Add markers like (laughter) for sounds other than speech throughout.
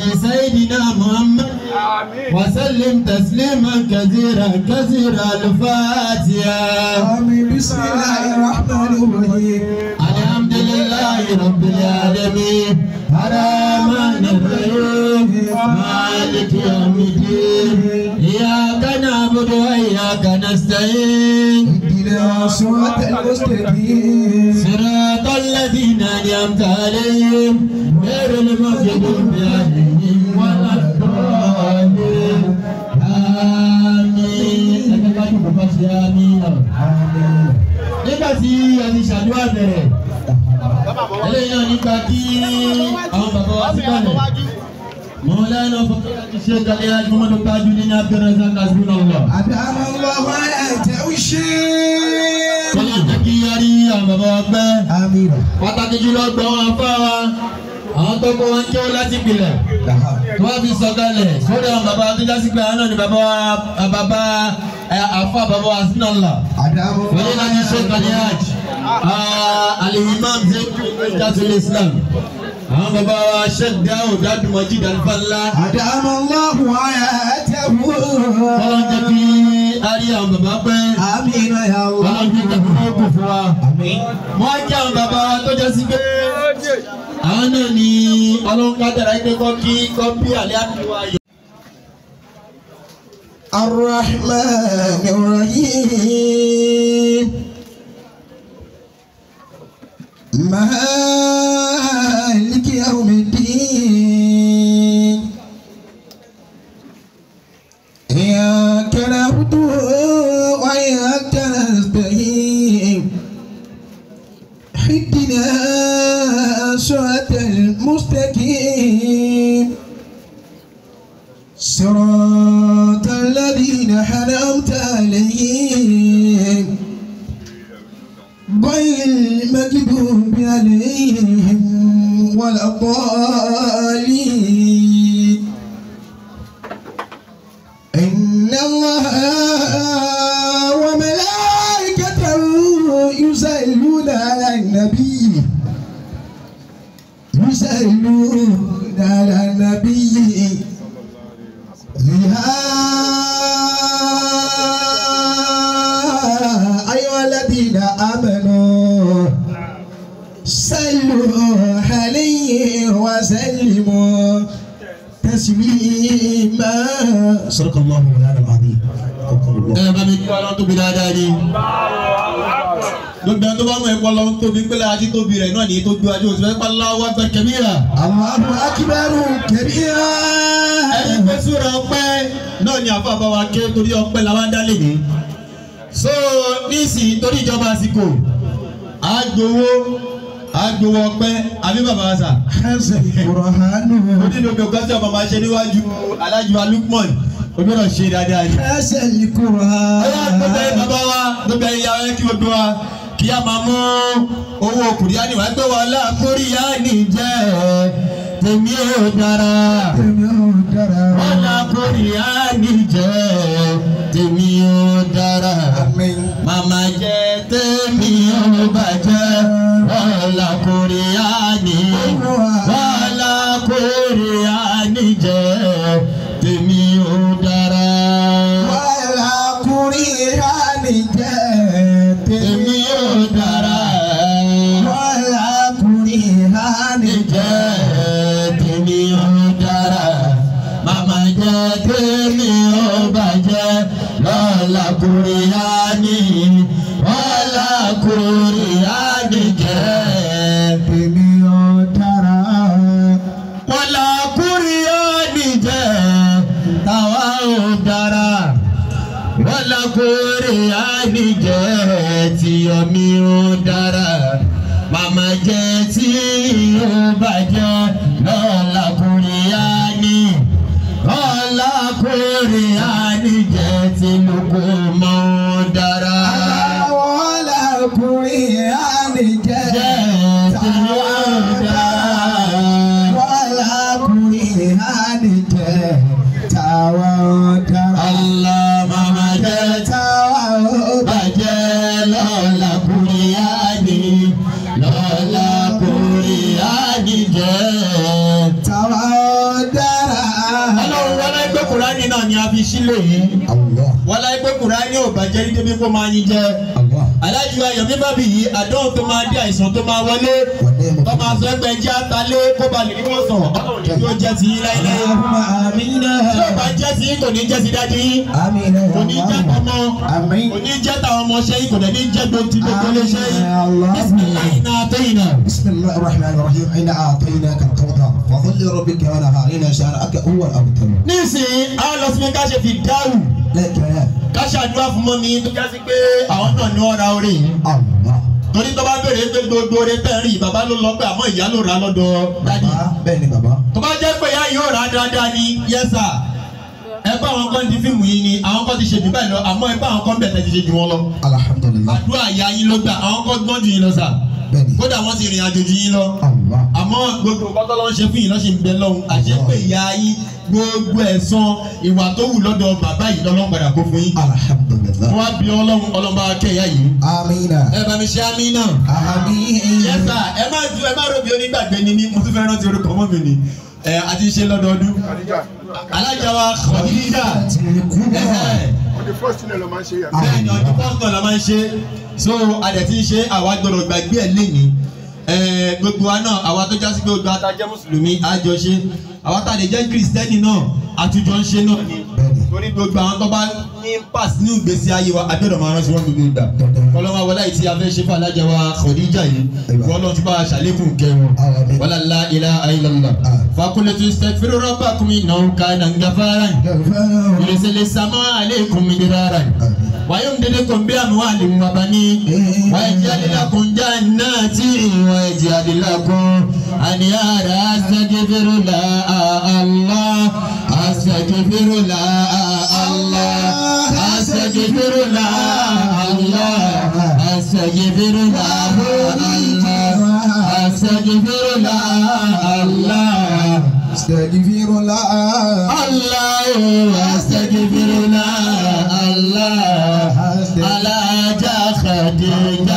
في سيدنا محمد وسلم تسليما كثيرا كثيرا الفاتحة آمين بسم الله الرحمن الرحيم الحمد لله رب العالمين الرحمن الرحيم مالك يوم الدين إياك نعبد وإياك نستعين اهدنا صراط المستقيم صراط الذين أنعمت عليهم غير المغضوب عليهم àti àmín nígbà tí a ti ṣàdúrà bẹ̀rẹ̀ eléyìí náà nípa kí àwọn bàbá wa ti bẹ̀rẹ̀ مولانا فضيلة الشيخ الحاج محمد تاج الدين عبد الرزاق حسبنا الله أدام الله ويأتي الشيخ pàtàkì yarí àbàbà ọgbẹ́ pàtàkì jùlọ gbọ́ wọn afá wa àwọn tó kọ́ wọn jẹ́ láti pilẹ̀ tó wá fi sọ̀kalẹ̀ sórí àwọn bàbá tó jásí pé àánú ni bàbá afa baba asinala wale na ni sheikh ah, alihaj alihimam zeku jasul islam àwọn ah, baba wa sheikh daud adumaji dalifala. àdàmọ́ Allahu hayatahu. ọlọ́run jẹ́ ari àwọn baba pẹ́. àmín ya Allah. ọlọ́run jẹ́ kí wọ́n kù fún wa. wọ́n jẹ́ baba wa tó jẹ́ sí ni ọlọ́run ká dára ẹgbẹ́ kọ́ kí kọ́ bí àlẹ́ àdúrà الرحمن الرحيم مالك يوم الدين إياك نعبد وإياك نستعين حدنا صراط المستقيم صراط حرمت عليهم غير المكذوب عليهم والأطالين Sadaqallahu al-'aliyyul 'azim. ẹ bá mi kí Ọlọ́run tóbi dáadáa ni. gbogbo ẹni tó bá mọ ẹ̀kọ́ lọ́wọ́ tóbi pé láti tóbi rẹ̀ náà nìyí tó gbé wájú òsì fẹ́ẹ́ Allahu akbar kabira. Allahu akbar kabira. ẹni pẹ́ sóra ọpẹ́ náà ni àfa àbá wa ké torí ọpẹ́ so níìsín torí ìjọba àsìkò àgbowó agbowo ọpẹ́ àbí bàbá wa sà. ẹsẹ̀ ìfòrò hánú. onídìí odò gọ́sẹ̀ ọmọ máa ṣe níwájú alájùmọ̀ lukman o gbọ́dọ̀ ṣe dáadáa yìí. ẹsẹ̀ ní kò wá. ọyá gbogbo ẹ̀yin bàbá wa gbogbo ẹ̀yin yàrá kí gbogbo wa kí a máa mú owó kùrìyàní wá gbé wa lá kùrìyàní jẹ́ tèmi ò dára tèmi ò dára wọn lá kùrìyàní jẹ́ tèmi ò dára màmá jẹ́ tèmi ò bàjẹ́ wọn lá kùrìyàní jẹ́. kó máa yín jẹ aláàjì ayọ̀ mi bá bì yí àdánwò tó máa dé àìsàn tó máa wọlé tó máa sọ ẹgbẹ́ jẹ́ àtàlé kó ba lè níwọ̀n sàn ọlọ́run yóò jẹ́ ti yín láíláí. tí ó bá jẹ́ ti yín kò ní jẹ́ ti dájú yín kò ní jẹ́ tọmọ kò ní jẹ́ tàwọn ọmọọṣẹ́ yín kò dẹ̀ ní jẹ́ gbòǹtì gbogbo léṣẹ́ yín. bísímìláìnà àtẹ̀yìnà. bisimilahi rahman rahim ina àtẹ̀yìnà kan tó tà wà fún lè rọ bí kẹwàá nàfà àrínà ṣe àrà àkẹ́ òwò àbùtẹ̀. nísìnyí àwọn lọ sí mi ká ṣe fi dáhùn ká ṣàdúrà fún mọ́ mi tó jásí pé àwọn náà ní ọ̀rá orí torí tó bá béèrè pé gbogbo oore tẹ̀rìn bàbá ló lọ pé àmọ́ ìyá ló rà lọ́dọ̀ dádì bẹ́ẹ̀ ni bàbá tó bá jẹ́ pé ìyá yóò rà dáadáa ni yẹ́sà ẹ bá àwọn kan di fíìmù yìí ni àwọn kan ti ṣe jù báyìí lọ àmọ́ ẹ bá àwọn kan bẹ̀ẹ̀ tẹ́ ti ṣe jù wọn lọ. Alhamdulillah àdúrà ìyá yín ló gbà àwọn kan gbọ́n jù yín lọ sáà kódà wọ́n ti rìn àjòjì yín lọ àmọ́ gbogbo kọ́tọ́lọ́ ń ṣe fún yín lọ́sìn bẹ́ẹ̀ lọ́hùn àṣẹ pé ìyá yín gbogbo ẹ̀san ìwà tó wù lọ́dọ̀ bàbá yìí lọ́lọ́run padà kó fún yín. alhamdulilayi. wọ́n bí ọlọ́run ọlọ́ba akẹ́yà yìí. amina. ẹ bá mi ṣe amina. amina. yẹ́sà ẹ má ju ẹ má ròbí onígbàgbé ni mí mo tún fẹ́ rántí orúkọ mọ́ mi ni àti ṣe lọ́dọọdún. alájà wa kọ̀ọ̀dídà on the first thing ló máa ń ṣe yàrá. bẹ́ẹ̀ni ah, on the first thing ló máa ń ṣe so adẹ̀ ti ń ṣe àwa gbọ́dọ̀ gbàgbé ẹ̀ lẹ́yìn eh, gbogbo wa náà àwa tó jásí gbogbo atajẹ́ mùsùlùmí àjọṣe àwọn tá a lè jẹ́ kristẹni náà àtijọ́ ń ṣe náà ni torí gbogbo àwọn tó bá ní pass ní ìgbésí ayé wa àgbẹ̀dọ̀ máa rántí wọn gbogbo ìgbà kọlọ́wọ́ wọlé àti abẹ́ṣe fún alájà wa Khadija yìí fọlọ́ ti bá a ṣàlékún kẹwọn wala la ilaha illallah ah. fakule tu sẹfiru rọba kumi náà ká nàngafara ìrẹsẹlẹ sàmọ aleikum mirara wayomdedekum bi amwalin wa banin eh. wayaj'al lakum jannatin wayaj'al lakum anhara astaghfirullah الله أستغفر لا الله أستغفر لا الله أستغفر لا الله أستغفر لا الله أستغفر لا الله أستغفر لا الله على جاخدك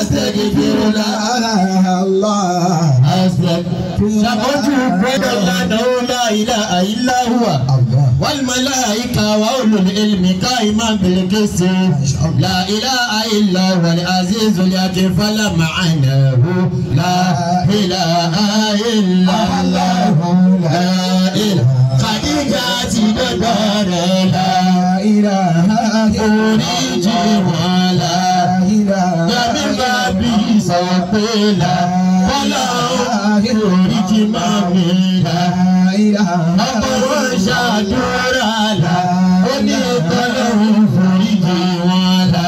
أستغفر لا الله سقطوا بين الله لا إله إلا هو والملائكة وأولو العلم قائما بالقسط لا إله إلا هو العزيز الحكيم فلا معناه لا إله إلا الله لا إله خديجة دار لا إله خريج ولا إله يا من بابي سوف لا ولا orí ti máa mi ra ọmọ wọn ṣàdúrà là ó ní ọkọ lọ́run foríjì wọn là.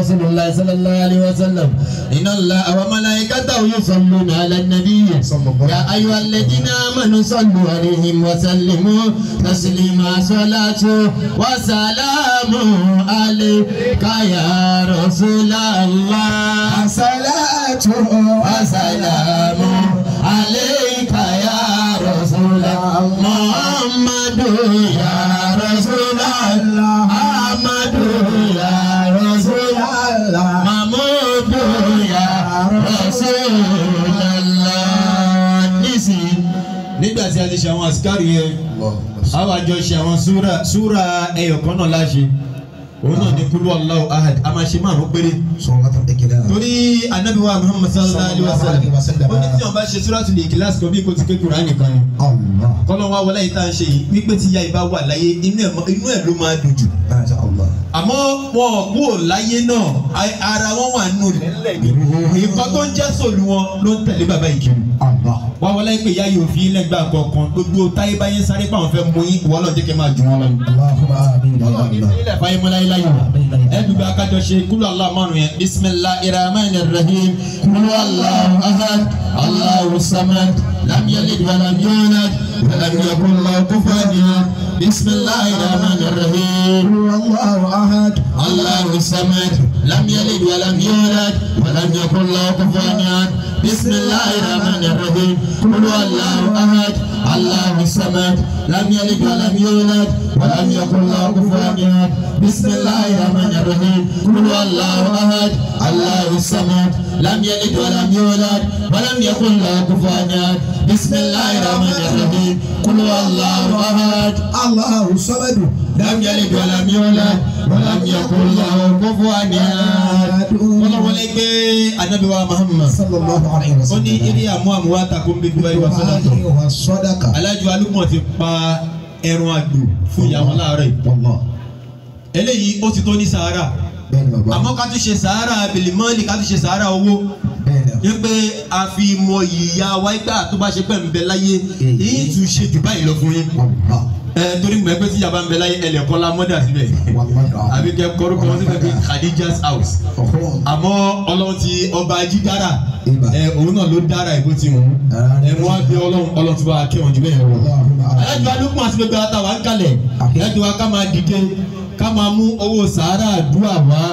رسول الله صلى الله عليه وسلم إن الله وملائكته يصلون على النبي يا أيها الذين آمنوا صلوا عليهم وسلموا تسليما صلاة وسلام عليك يا رسول الله صلاة وسلام عليك يا رسول الله محمد يا رسول الله a ti ṣe àwọn àsìkárì yẹn àwọn àjọ ṣe àwọn súra ẹyọ̀kan náà láṣẹ òun náà ní kúlú Allahu ahad a máa ṣe márùn péré. torí anabi wa muhammad sallallahu alayhi wa sallam ó ní tí wọn bá ṣe suratul ikhlas kan bí kò ti ké kúránì kan ni. kọ́lọ́ wa wọlé yìí tá a ṣe yìí wípé tí ya ìbá wà láyé inú ẹ̀ ló máa dùn jù. àmọ́ wọn ò kú ò láyé náà ara wọn wà nù lẹ́lẹ̀ tó ń jẹ́ sòlù wọn ló ń tẹ̀lé bàbá yìí kiri. wa wọlé pé ya yóò fi ilẹ̀ gbà gbogbo táyé báyé sáré pàwọn fẹ́ mú yín jẹ́ kẹ́ máa jù wọn lọ. láyé wà ẹbí bá kájọ ṣe kúlù aláàmọ́nù yẹn bisimilahi rahman rahim kúlù aláàmù ahad aláàmù samad lámìyálé ìdúrànàmíyánná ìdúrànàmíyàkùn lọ́kùnfàdìyà bisimilahi rahman rahim kúlù aláàmù ahad aláàmù samad lámìyálé ìdúrànàmíyánná ìdúrànàmíyàkùn lọ́kùnfàdìyà. بسم الله الرحمن الرحيم قل هو الله احد الله الصمد لم يلد ولم يولد ولم يكن له كفوا احد بسم الله الرحمن الرحيم قل هو الله احد الله الصمد لم يلد ولم يولد ولم يكن له كفوا احد بسم الله الرحمن الرحيم قل هو الله احد الله الصمد لم يلد ولم يولد ولم يكن له كفوا أحد ọlọ́wọ́ lè gbé anabiwa Muhammad ó ní eré àmú àmú wa takò ń bẹ bí wáyé wa sọ́dọ̀kà alájọ alúmọ̀ ti pa ẹran àgbò fún ìyàwó láàárọ̀ ìpọ́nmọ́ eléyìí ó ti tó ní sahara àmọ́ ká tún ṣe sahara bilimọ́ọ̀lì ká tún ṣe sahara owó yẹ pé a fi mọ ìyá wa gbà tó bá ṣe pẹ̀ ń bẹ láyé èyí tún ṣe jù báyìí lọ fún yín ẹ torí mọ̀ ẹ́ pé tíjà bá ń bẹ láyé ẹlẹ́kọ́ la mọ́dà síbẹ̀ a bẹ kẹ kọ́rọ́ kọ́ síbẹ̀ pé Khadija's house àmọ́ ọlọ́run ti ọba ají dára ẹ òun náà ló dára ìbò tí wọn ẹ mọ́ àbí ọlọ́run ọlọ́run ti bá kẹ́wọ̀n jù bẹ́ẹ̀ wọ. alájọ alukun àti gbogbo àtàwọn àkàlẹ̀ alájọ wa ká máa dìde ká máa mú owó sàárà àdúrà wá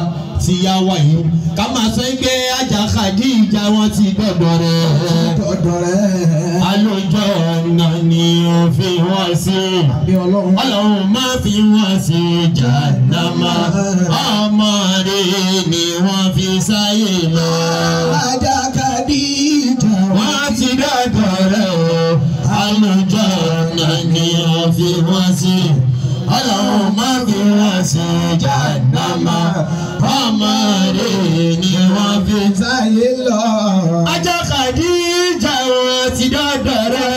ti yá wa yìí ká máa sọ pé àjàkadì ìjà wọn ti dọ̀dọ̀ rẹ̀. dọ̀dọ̀ rẹ̀. alójó ọ̀nà ni wọ́n fi wọ́n sí. ọlọ́run máa fi wọ́n sí jàdámà ọmọ rẹ̀ ni wọ́n fi sáyé lọ. àjàkadì ìjà wọn ti dọ̀dọ̀ rẹ̀. alójó ọ̀nà ni wọ́n fi wọ́n sí ọlọ́run má fi wọ́n sí jàdámà ọmọ rẹ̀ ni wọ́n fi sáyé lọ. ajá kàdí ìjà wọn ti dọ́dọ̀ rẹ̀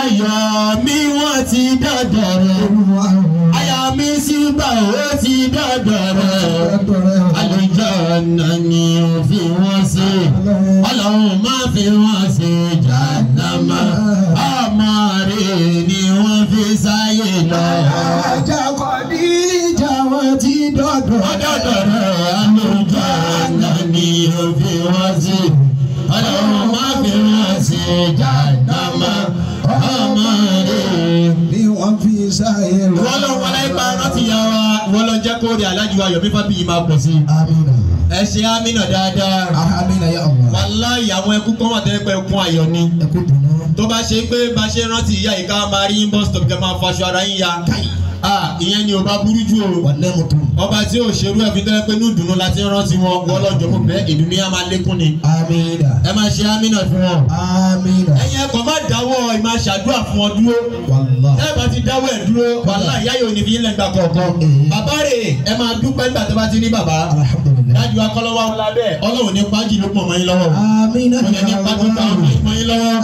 ayọ̀ mi wọ́n ti dọ́dọ̀ rẹ̀ ayọ̀ mi sígbà ó ti dọ́dọ̀ rẹ̀ àlejò ọ̀nà fi wọ́n sí jàdámà. ọjà Khadija wọn ti dọ̀dọ̀. ọ̀dọ̀dọ̀ rẹ̀ àlùjá náà ni òfin wá sí. ọlọ́run má fi ràn sí ìjà ìdámà ọmọ rẹ̀. bí wọ́n fi sáyé lọ. wọ́n lọ wọlé ipa rántí ya wa wọ́n lọ jẹ́ kórè alájú ayọ̀ bí fábí yìí máa pọ̀ sí. amina. ẹ ṣe amina dáadáa. amina ya ọmọ. wàláyé àwọn ẹkú kọ́ wọ́n tẹ́lẹ̀ pé ẹkún ayọ̀ ni. ẹkú dùnú. tó bá ṣe pé bá ṣe rántí ìyá yìí ká máa rí bọ́sítọ̀pù kẹ́ máa faṣọ ara yín ya a ìyẹn ni ọba burú jù o. wà lẹ́mu tó. ọba tí yóò ṣerú ẹ̀fín tẹ́lẹ̀ pé ní ìdùnnú la ti rántí wọn wọlọ́jọ́ mo bẹ́ ìdùnnú yẹn máa lékún ni. amina. ẹ máa ṣe amina fún wọn. amina. ẹ̀yin ẹ̀kọ́ má dáwọ́ ìmá ṣàdúrà fún wọn dúró. wàlá. tẹ́ bá ti dáwọ́ ẹ̀ dúró wàlá ìyá yóò ní fi yín lẹ́gbàá kọ̀ọ̀kan. bàbá rè ẹ máa dúpẹ́ nígbà tó bá ti ní bàbá. dájú akọ́lọ́wọ́ ọlọ́run ní pàjì ló pọ̀ mọ́ lọ́wọ́. amina. ọ̀nà ní pàjì ló pọ̀ mọ́ yín lọ́wọ́.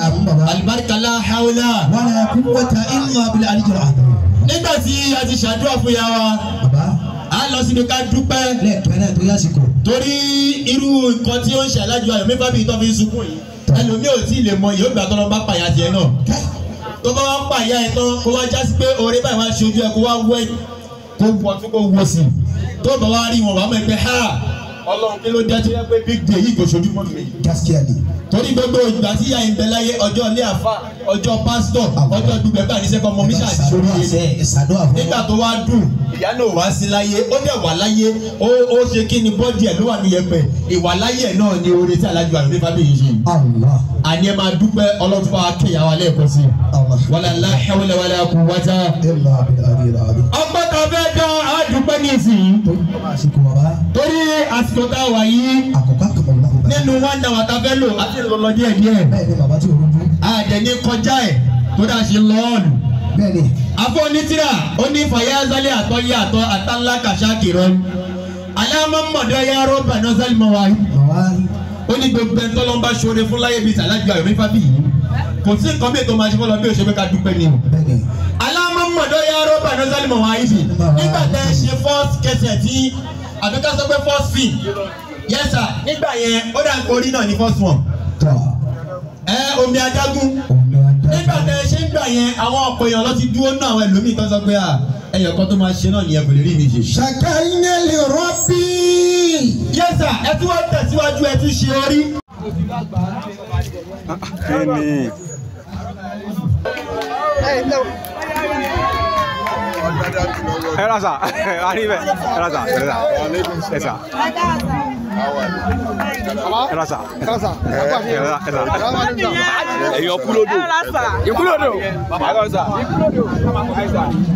àlùbáríkà la hawla. wàlá kúwọ́ta ìlú abilà àdìjọ́ àdìjọ́ nígbà tí a ti ṣàdúrà fún ya wa a lọ síbi ká dúpẹ́ lẹ́ẹ̀pẹ́ náà tó yásìkò. torí irú nǹkan tí ó ń ṣàlàjù ayọ̀ mẹ́fà bíi tọ́fi sunkún yìí ẹlòmíì ò tí ì lè mọ yìí ó gbà tọ́lọ́ bá pàyà tiẹ̀ náà tó bá wá pàyà ẹ̀ tán kó wá jásí pé oore báyìí wá ṣojú ẹ̀ kó wá wẹ̀ kó wọ̀ tó kó wọ̀ sí tó bá wá rí wọn wàá mọ̀ ẹ̀ pé háà ọlọ́run kí ló jẹ́ tí wọ́n pé big day yìí kò sojú mọ́ mi. gaskiya ni. torí gbogbo ìgbà tí ìyá ìbẹ̀ láyé ọjọ́ ilé àfa ọjọ́ pásítọ̀ ọjọ́ dùgbẹ́ bá ní sẹ́kọ̀ọ́ mọ́mí ṣàṣìṣe. nígbà tó wá dùn ìyá náà wá sí láyé ó dẹ̀ wà láyé ó ṣe kí ni bọ́ọ̀dì ẹ̀ ló wà ní yẹpẹ̀ ìwà láyé ẹ̀ náà ni oore tí alájọ àlùfẹ́ bá bẹ̀yẹ̀ ṣe. àní ẹ máa dúpẹ́ ọlọ́run fún akẹ́yà wa lẹ́ẹ̀kan sí i. wàlá hawla wàlá quwwata. ọgbọ́n tàbí nísìnyí. torí àsìkò tá a wà yìí. àkókò àkókò lọ́kọ̀ọ́. nínú wanda wata fẹ́ lò á ti lọ lọ díẹ̀ díẹ̀. bẹ́ẹ̀ ni bàbá tí o rú. àjẹ ní kọjá ẹ̀ tó dáa ṣe lọ́ọ̀nù. bẹ́ẹ̀ni. afọ onítìrà ó ní fàyàzálẹ̀ àtọ́ yé àtọ́ àtàlá kàṣá kìrọ́. aláàmọ́ mọ̀dọ́ yà rọ́bà náà sálí mọ́ wa yìí. ó ní gbogbo ẹni tọ́lọ́ ń bíi sàlájú àyọ̀mí fábíyì kò sí nǹkan bí ètò máa ṣe fọ́lọ́ bí òṣèlú ká dúpẹ́ ni. bẹ́ẹ̀ni mọ̀dọ́ yá rọ́bà nọ́sálì mọ̀ wáyé sí nígbà tẹ́ ẹ ṣe first cassette tí àbí ká sọ pé first film yes sir nígbà yẹn ó dà orí náà ní first one ẹ omi adágún nígbà tẹ́ ẹ ṣe ń gbà yẹn àwọn ọ̀pọ̀ èèyàn ló ti dúró náà àwọn ẹlòmíì tó sọ pé à ẹyọ kan tó máa ṣe náà nìyẹn kò lè rí mi ṣe. ṣàkà iná lè rọ́bì. yes ẹ tún wá tẹ̀síwájú ẹ tún ṣe orí. kí ẹ ra sa a ní bẹ ẹ ra sa ẹ ra sa ẹ sa. ẹ ra sa ẹ ra sa ẹ ra sa. ẹyọ kulodo ikulodo ikulodo.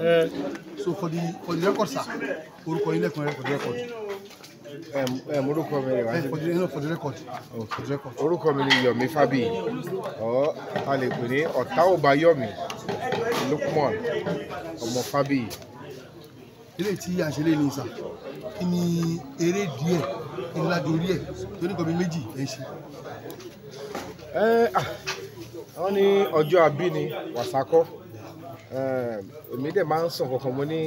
Eh, so for the for the record sir orúkọ yín lẹ́kùn record record. ẹ mo orúkọ mi rẹ wá sí. for the for the record. Oh. for the record. orúkọ mi ni Yomi Fabi ọ a lè pè ní ọ̀tá ò bá Yomi Lukman ọmọ Fabi. eré tí a ṣe lé ní sà kí ni eré díẹ̀ kí ni ládùúrí ẹ̀ torí nǹkan bíi méjì ẹ̀ ṣe. ẹ eh, ah wọ́n ní ọjọ́ àbí ni wàsákọ́. Ehm, èmi dẹ̀ máa ń sàn kankan mo ní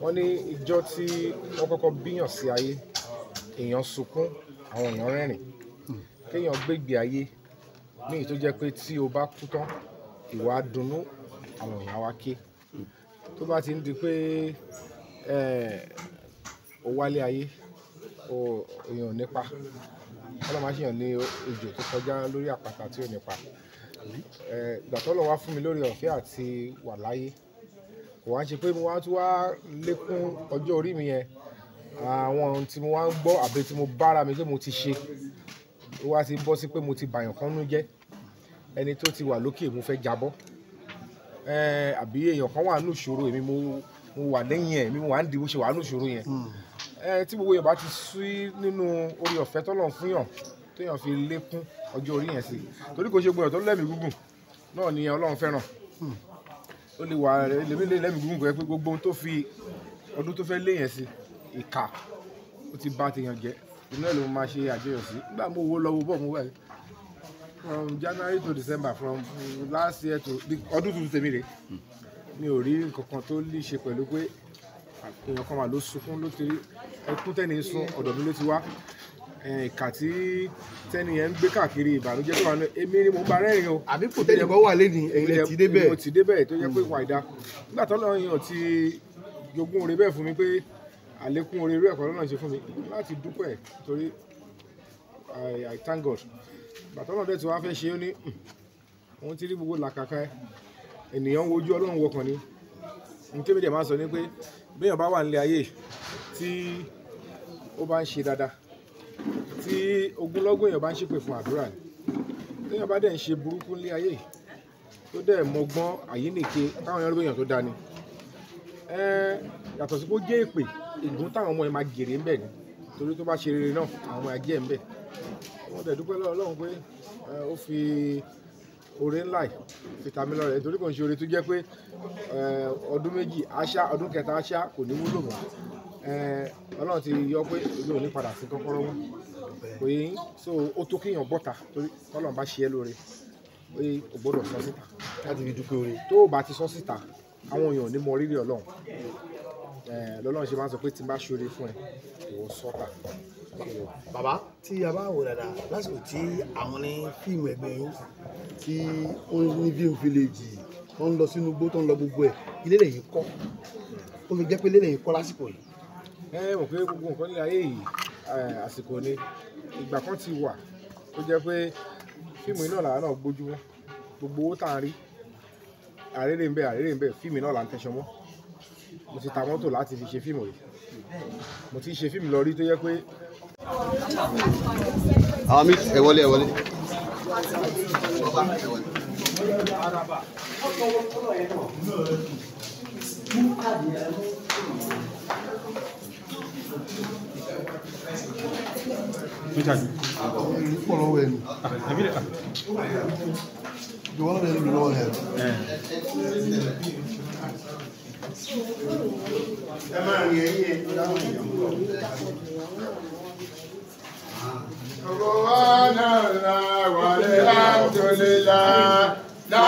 wọ́n ní ìjọ tí wọ́n kọ́kọ́ bíyàn sí ayé èèyàn sunkún àwọn èèyàn rẹ́rìn kéèyàn gbégbé ayé ní èyí tó jẹ́ pé tí o bá kú tán ìwà dunnú àwọn èèyàn wa ké tó bá ti ń di pé ehm, o wálé ayé o èèyàn nípa wọ́n lọ́ máa ṣèyàn ní ejò tó kọjá lórí àpáta tí ò nípa ìgbà tó lọ wá fún mi lórí ọ̀fẹ́ àti wà láyé kò wá ń ṣe pé mo wá tún wá lékún ọjọ́ orí mi yẹn àwọn ohun tí mo wá ń gbọ́ àbí tí mo bára mi pé mo ti ṣe ó wá ti bọ́ sí pé mo ti bàyàn kan nú jẹ́ ẹni tó ti wà lókè mo fẹ́ jábọ́ àbí èèyàn kan wà nù ìṣòro èmi mo mo wà lẹ́yìn ẹ̀ mi mo wà ń di bó ṣe wà nù ìṣòro yẹn hmm. tí gbogbo Yorùbá ti sí nínú orí ọ̀fẹ́ tọ́lọ̀ fún yàn téèyàn fi lékún ọjọ́ orí yẹn sí torí kò ṣe gbọ́dọ̀ tó lẹ́mìí gúngùn náà ni ọlọ́run fẹ́ràn ó lè wà lèmi lè lẹ́mìí gúngùn kọ́ ẹ pé gbogbo ohun tó fi ọdún tó fẹ́ lé yẹn sí ìkà ó ti bá tèèyàn jẹ inú ẹ̀ ló máa ṣe àjọyọ̀ sí nígbà mo wo lọ́wọ́ bọ̀ mo wẹ̀ from January to December from last year to ọdún tuntun tèmi rè mi ò rí nǹkankan tó lè ṣe pẹ̀lú pé èèyàn kan wà ló sunkún ló ti rí ẹkún tẹ́ni sun ọ̀dọ̀ mi ló ti wá ìkà tí tẹ́ni yẹn ń gbé káàkiri ìbànújẹ́ tó wà ní èmi ni mo bá rẹ́rìn o. àbí kò tẹ́lẹ̀ bọ́ wà lẹ́ni ẹ̀yin lẹ ti dé bẹ́ẹ̀. mo ti dé bẹ́ẹ̀ tó jẹ́ pé ìwà hmm. ìdá nígbà tó lọ́ọ́ yàn ti jogún oore bẹ́ẹ̀ fún mi pé àlékún oore irú ẹ̀kọ́ lọ́nà ṣe fún mi láti dúpẹ́ torí I thank God. bàtọ́ náà dẹ̀ tí wàá fẹ́ ṣe ó ní hmm, òun ti rí gbogbo làkàkà ènìyàn wojú Ọlọ́run wọkàn ni nkébìdẹ̀ máa sọ ní pé béèyàn bá wà nílé ayé tí ogunlọ́gọ̀ èèyàn bá ń ṣépè fún àdúrà ni téèyàn bá dẹ̀ ń ṣe burúkú ní ayé tó dẹ̀ mọgbọ́n àyíníke táwọn èèyàn lóyún tó dání ẹ yàtọ̀ sí kó jẹ́ èpè ègún táwọn ọmọ yẹn máa gèrè ń bẹ̀ ni torí tó bá ṣe rere náà àwọn ọmọ yẹn jẹ́ ń bẹ̀ wọ́n dẹ̀ dúpẹ́ lọ́wọ́ Ọlọ́run pé ó fi oore ńlá yìí fi tàmí lọ́rẹ nítorí kò ń ṣe oore tó jẹ́ pé ọdún méjì àṣà ọdún kẹta àṣà kò ní wúlò mọ́ ọlọ́run ti yọ pé èmi ò ní padà sí kọ́kọ́rọ́ wọn òye yín so ó tó kéèyàn bọ́ta torí ọlọ́run bá ṣe é lóore òye ò gbọ́dọ̀ sọ síta láti fi dúpẹ́ oore tó o bá ti sọ síta àwọn èèyàn ò ní mọ rírì ọlọ́run lọ́lọ́run ṣe máa ń sọ pé tí n bá ṣoore fún ẹ ìwọ sọ́ta. bàbá tí a bá wò dáadáa lásìkò tí àwọn ní fíìmù ẹgbẹ́ yín tí ó ní fíìmù fílẹ̀jì tó ń lọ sínú igbó tó ń lọ gbogbo ẹ̀ ilé lẹ́yìn kọ́ ó fi jẹ́ pé ilé lẹ́yìn kọ́ lásìkò yìí ẹ mọ pé gbogbo nǹkan nílẹ̀ ayé yìí àsìkò ni ìgbà kan ti wà tó jẹ́ pé fíìmù iná làwọn náà gbójú mọ́ gbogbo owó tá à ń rí àrèrè ń bẹ àrèrè ń bẹ fíìmù náà là ń tẹṣọ mọ́ mo ti ta mọ́tò láti fi ṣe fíìmù yìí mo ti ṣe fíìmù lọ rí tó yẹ pé. àwọn mi ẹ wọlé ẹ wọlé. Mú káàdì ẹ̀ mi ah, ah. la, pọ̀ la, la, la.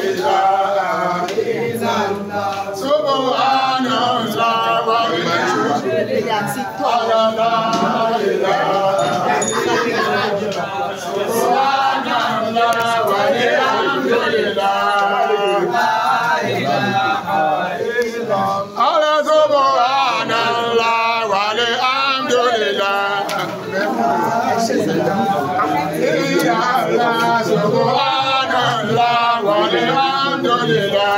rẹ̀ Alhamdulillah.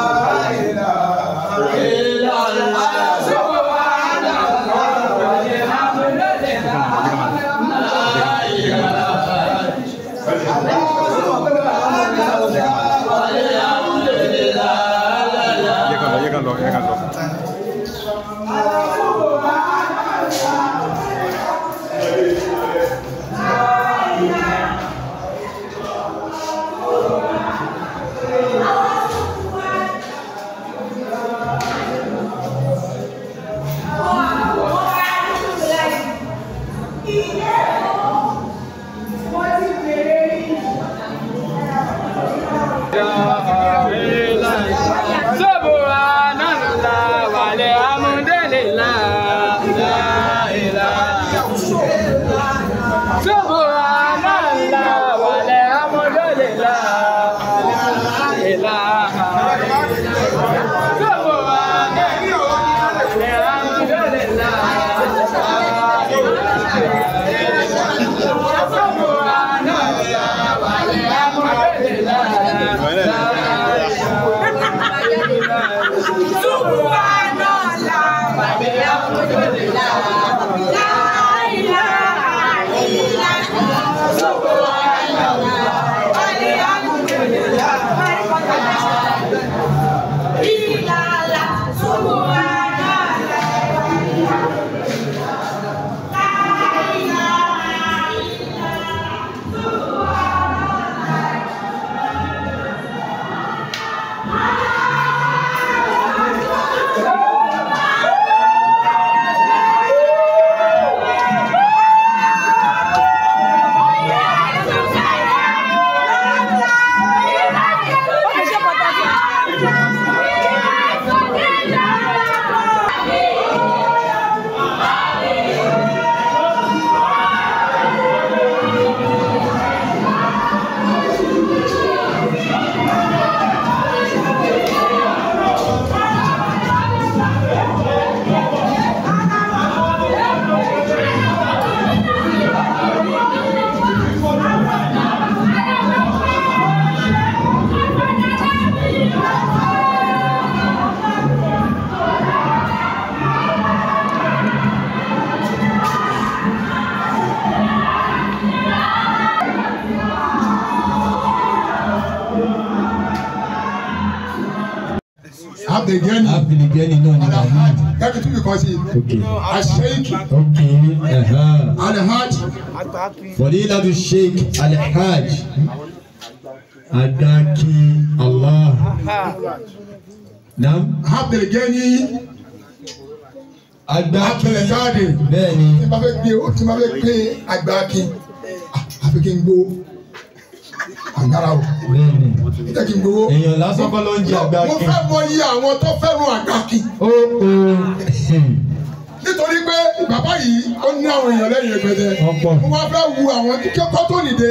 Okay. alhaji fọlílàdù sheik alhaji adaki allah naam. abdulgani agbaki abdulgani bẹ́ẹ̀ni. tí ma fẹ́ gbé o tí ma fẹ́ gbé agbaki ah, àfi kí n gbó àgbára o. bẹ́ẹ̀ni ìjẹ́ kí n gbowó. èèyàn lásán kọ́ ló ń mo fẹ́ mọ iye àwọn tó fẹ́ràn àgbà kí nítorí pé bàbá yìí ó ní àwọn èèyàn lẹ́yìn ẹgbẹ̀dẹ mo wá fẹ́ wu àwọn kíkọ́ tó nìde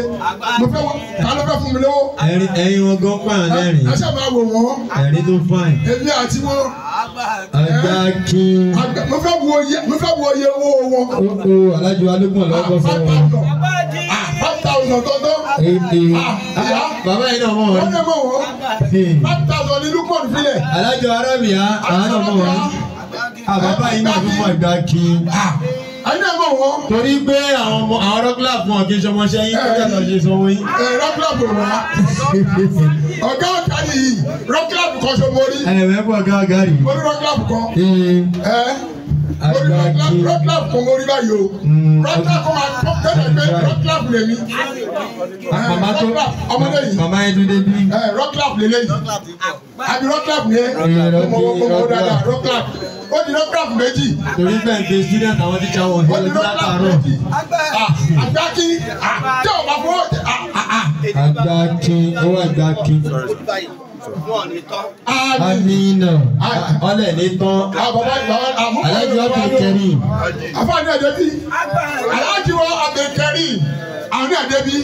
mo fẹ́ wá ká ló fẹ́ fún mi lówó. ẹyin wọn gan pa lẹ́rìn. ẹ ṣe máa wò wọ́n. ẹ̀rín tó fàìn. èmi àti wọn. àgbà kí. mo fẹ́ wo iye mo fẹ́ wo iye owó wọn. o o alájọ alẹ́gbọ̀n lọ́kọ̀ fẹ́ wọn. five thousand tọ́tọ́. bàbá yìí náà mọ̀ wọ́n. wọ́n ní mọ̀ wọ́n. five thousand ní lukman filẹ̀. alájọ arábìá àwọn náà mọ̀ wọ́n. Ah, àbábá yìí máa fi mọ̀ ìgbà kí ẹni ah. ẹ mọ wọn. torí pé àwọn ọmọ àwọn rọ́gílàpù wọn kì í ṣọmọ ṣe yín kí ẹ̀sán ṣe sanwó yín. ẹ rọ́gílàpù wa ọ̀gá ọ̀gá nìyí rọ́gílàpù kan ṣe mo rí. ẹ bẹ́ẹ̀ bọ̀ ọ̀gá ọ̀gá rí. mo rí rọ́gílàpù kan. ẹ agbájí rọ́tlàf kò mórí báyìí o rọ́tlàf kò máa tó tẹ́lẹ̀ pé rọ́tlàf lè mi ọmọdé yìí mama yẹn dúdé bí rọ́tlàf lè léyìí àbí rọ́tlàf lè mo mo dada rọ́tlàf ó di rọ́tlàf méjì. torí bẹ́ẹ̀ gbé student àwọn tíjà wọn ní ojú látàárọ̀. agbájí ah, ah, tí o bá fọwọ́ agbájí ó wà agbájí wọn ní tán. amina ọlẹ ní tán. àbàbà ìbáwá àmọ́ alájí wa bẹ kẹrì. àfààní àdébí alájí wa bẹ kẹrì àní àdébí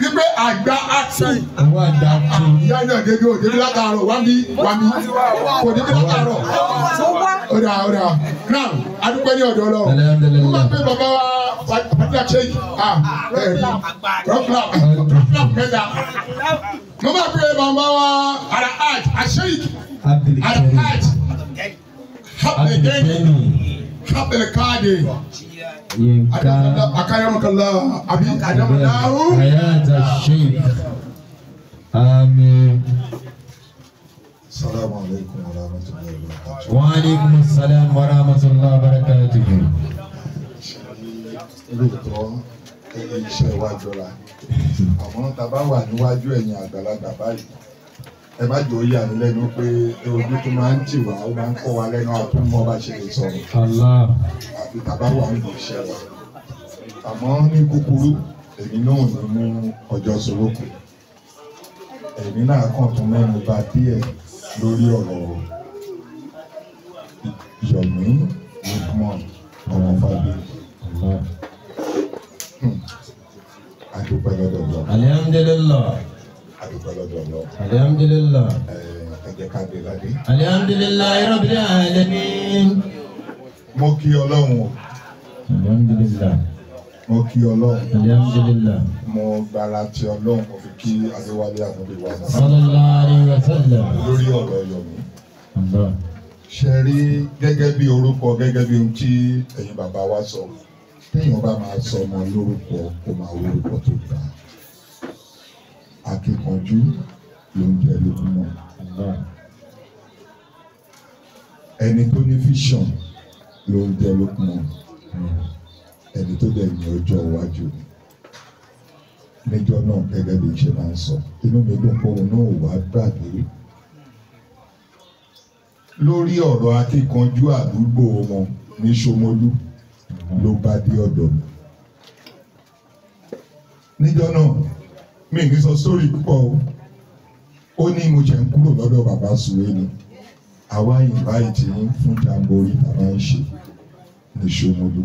wípé àgbà àti àwọn àgbà àti ìyá ní àdébí ò débi látàárọ̀ wámi wámi kò débi látàárọ̀ ọ̀dà ọ̀dà now adúpẹ́ ní ọ̀dọ̀ lọ wọ́n máa pé bàbá wa pàtàkì ṣe yìí ah ẹ̀rí rọ́pìlà rọ́pìlà mẹ́ta mo máa bẹ̀rẹ̀ bàbá wa alhaj asheik alhaj abdulkani abdulkadi akayamukala abi adamadaru. ayata sheik amin. السلام عليكم ورحمة الله وبركاته àmọ́ tá a bá wà níwájú ẹ̀yìn àgbàlagbà báyìí ẹ má jò yà mí lẹ́nu pé ojú tó máa ń tì wá ó máa ń kọ́ wa lẹ́nu àtún mọ́ bá ṣe lè sọ̀rọ̀ àbí tá a bá wà níbi iṣẹ́ wa àmọ́ ní kúkúrú èmi náà ní mú ọjọ́ sorókù èmi náà kàn tún mẹ́nu bà díẹ̀ lórí ọ̀rọ̀ Yomi Lukman ọmọ Fábíyì adúpẹ́ lọ́dọ̀ lọ. alihamdulilah. adúpẹ́ lọ́dọ̀ lọ. alihamdulilah. Eh, ẹ jẹ́ ká gbé ládé. alihamdulilah rabbil alamin. mo kí ọlọ́run o. alihamdulilah. mo kí ọlọ́run. alihamdulilah. mo gbára ti ọlọ́run mo fi kí adéwálé àmúlẹ̀wá. sallallahu alaihi wa sallam. lórí ọ̀rọ̀ yọ̀mí ṣe rí gẹ́gẹ́ bí orúkọ gẹ́gẹ́ bí ohun tí ẹ̀yin bàbá wa sọ téèyàn bá máa sọ ọmọ lórúkọ kó máa wórúkọ tó ga akíkanjú ló ń jẹ lógúnmọ́ ẹni tó ní fíṣàn ló ń jẹ lógúnmọ́ ẹni tó dẹ̀ ní ọjọ́ iwájú níjọ́ náà gẹ́gẹ́ bí ṣe máa ń sọ inú mi dùn pé òun náà wàá gbàgbé lórí ọ̀rọ̀ akíkanjú àdúgbò wọn ní Ṣómólú ló bá dé ọ̀dọ̀ mi. níjọ́ náà mi kì sọ sórí púpọ̀ o ó ní mo ṣe ń kúrò lọ́dọ̀ bàbá sùwé ni àwa ìbáyìí ń fún jamboree tàbá ń ṣe ní Ṣómólú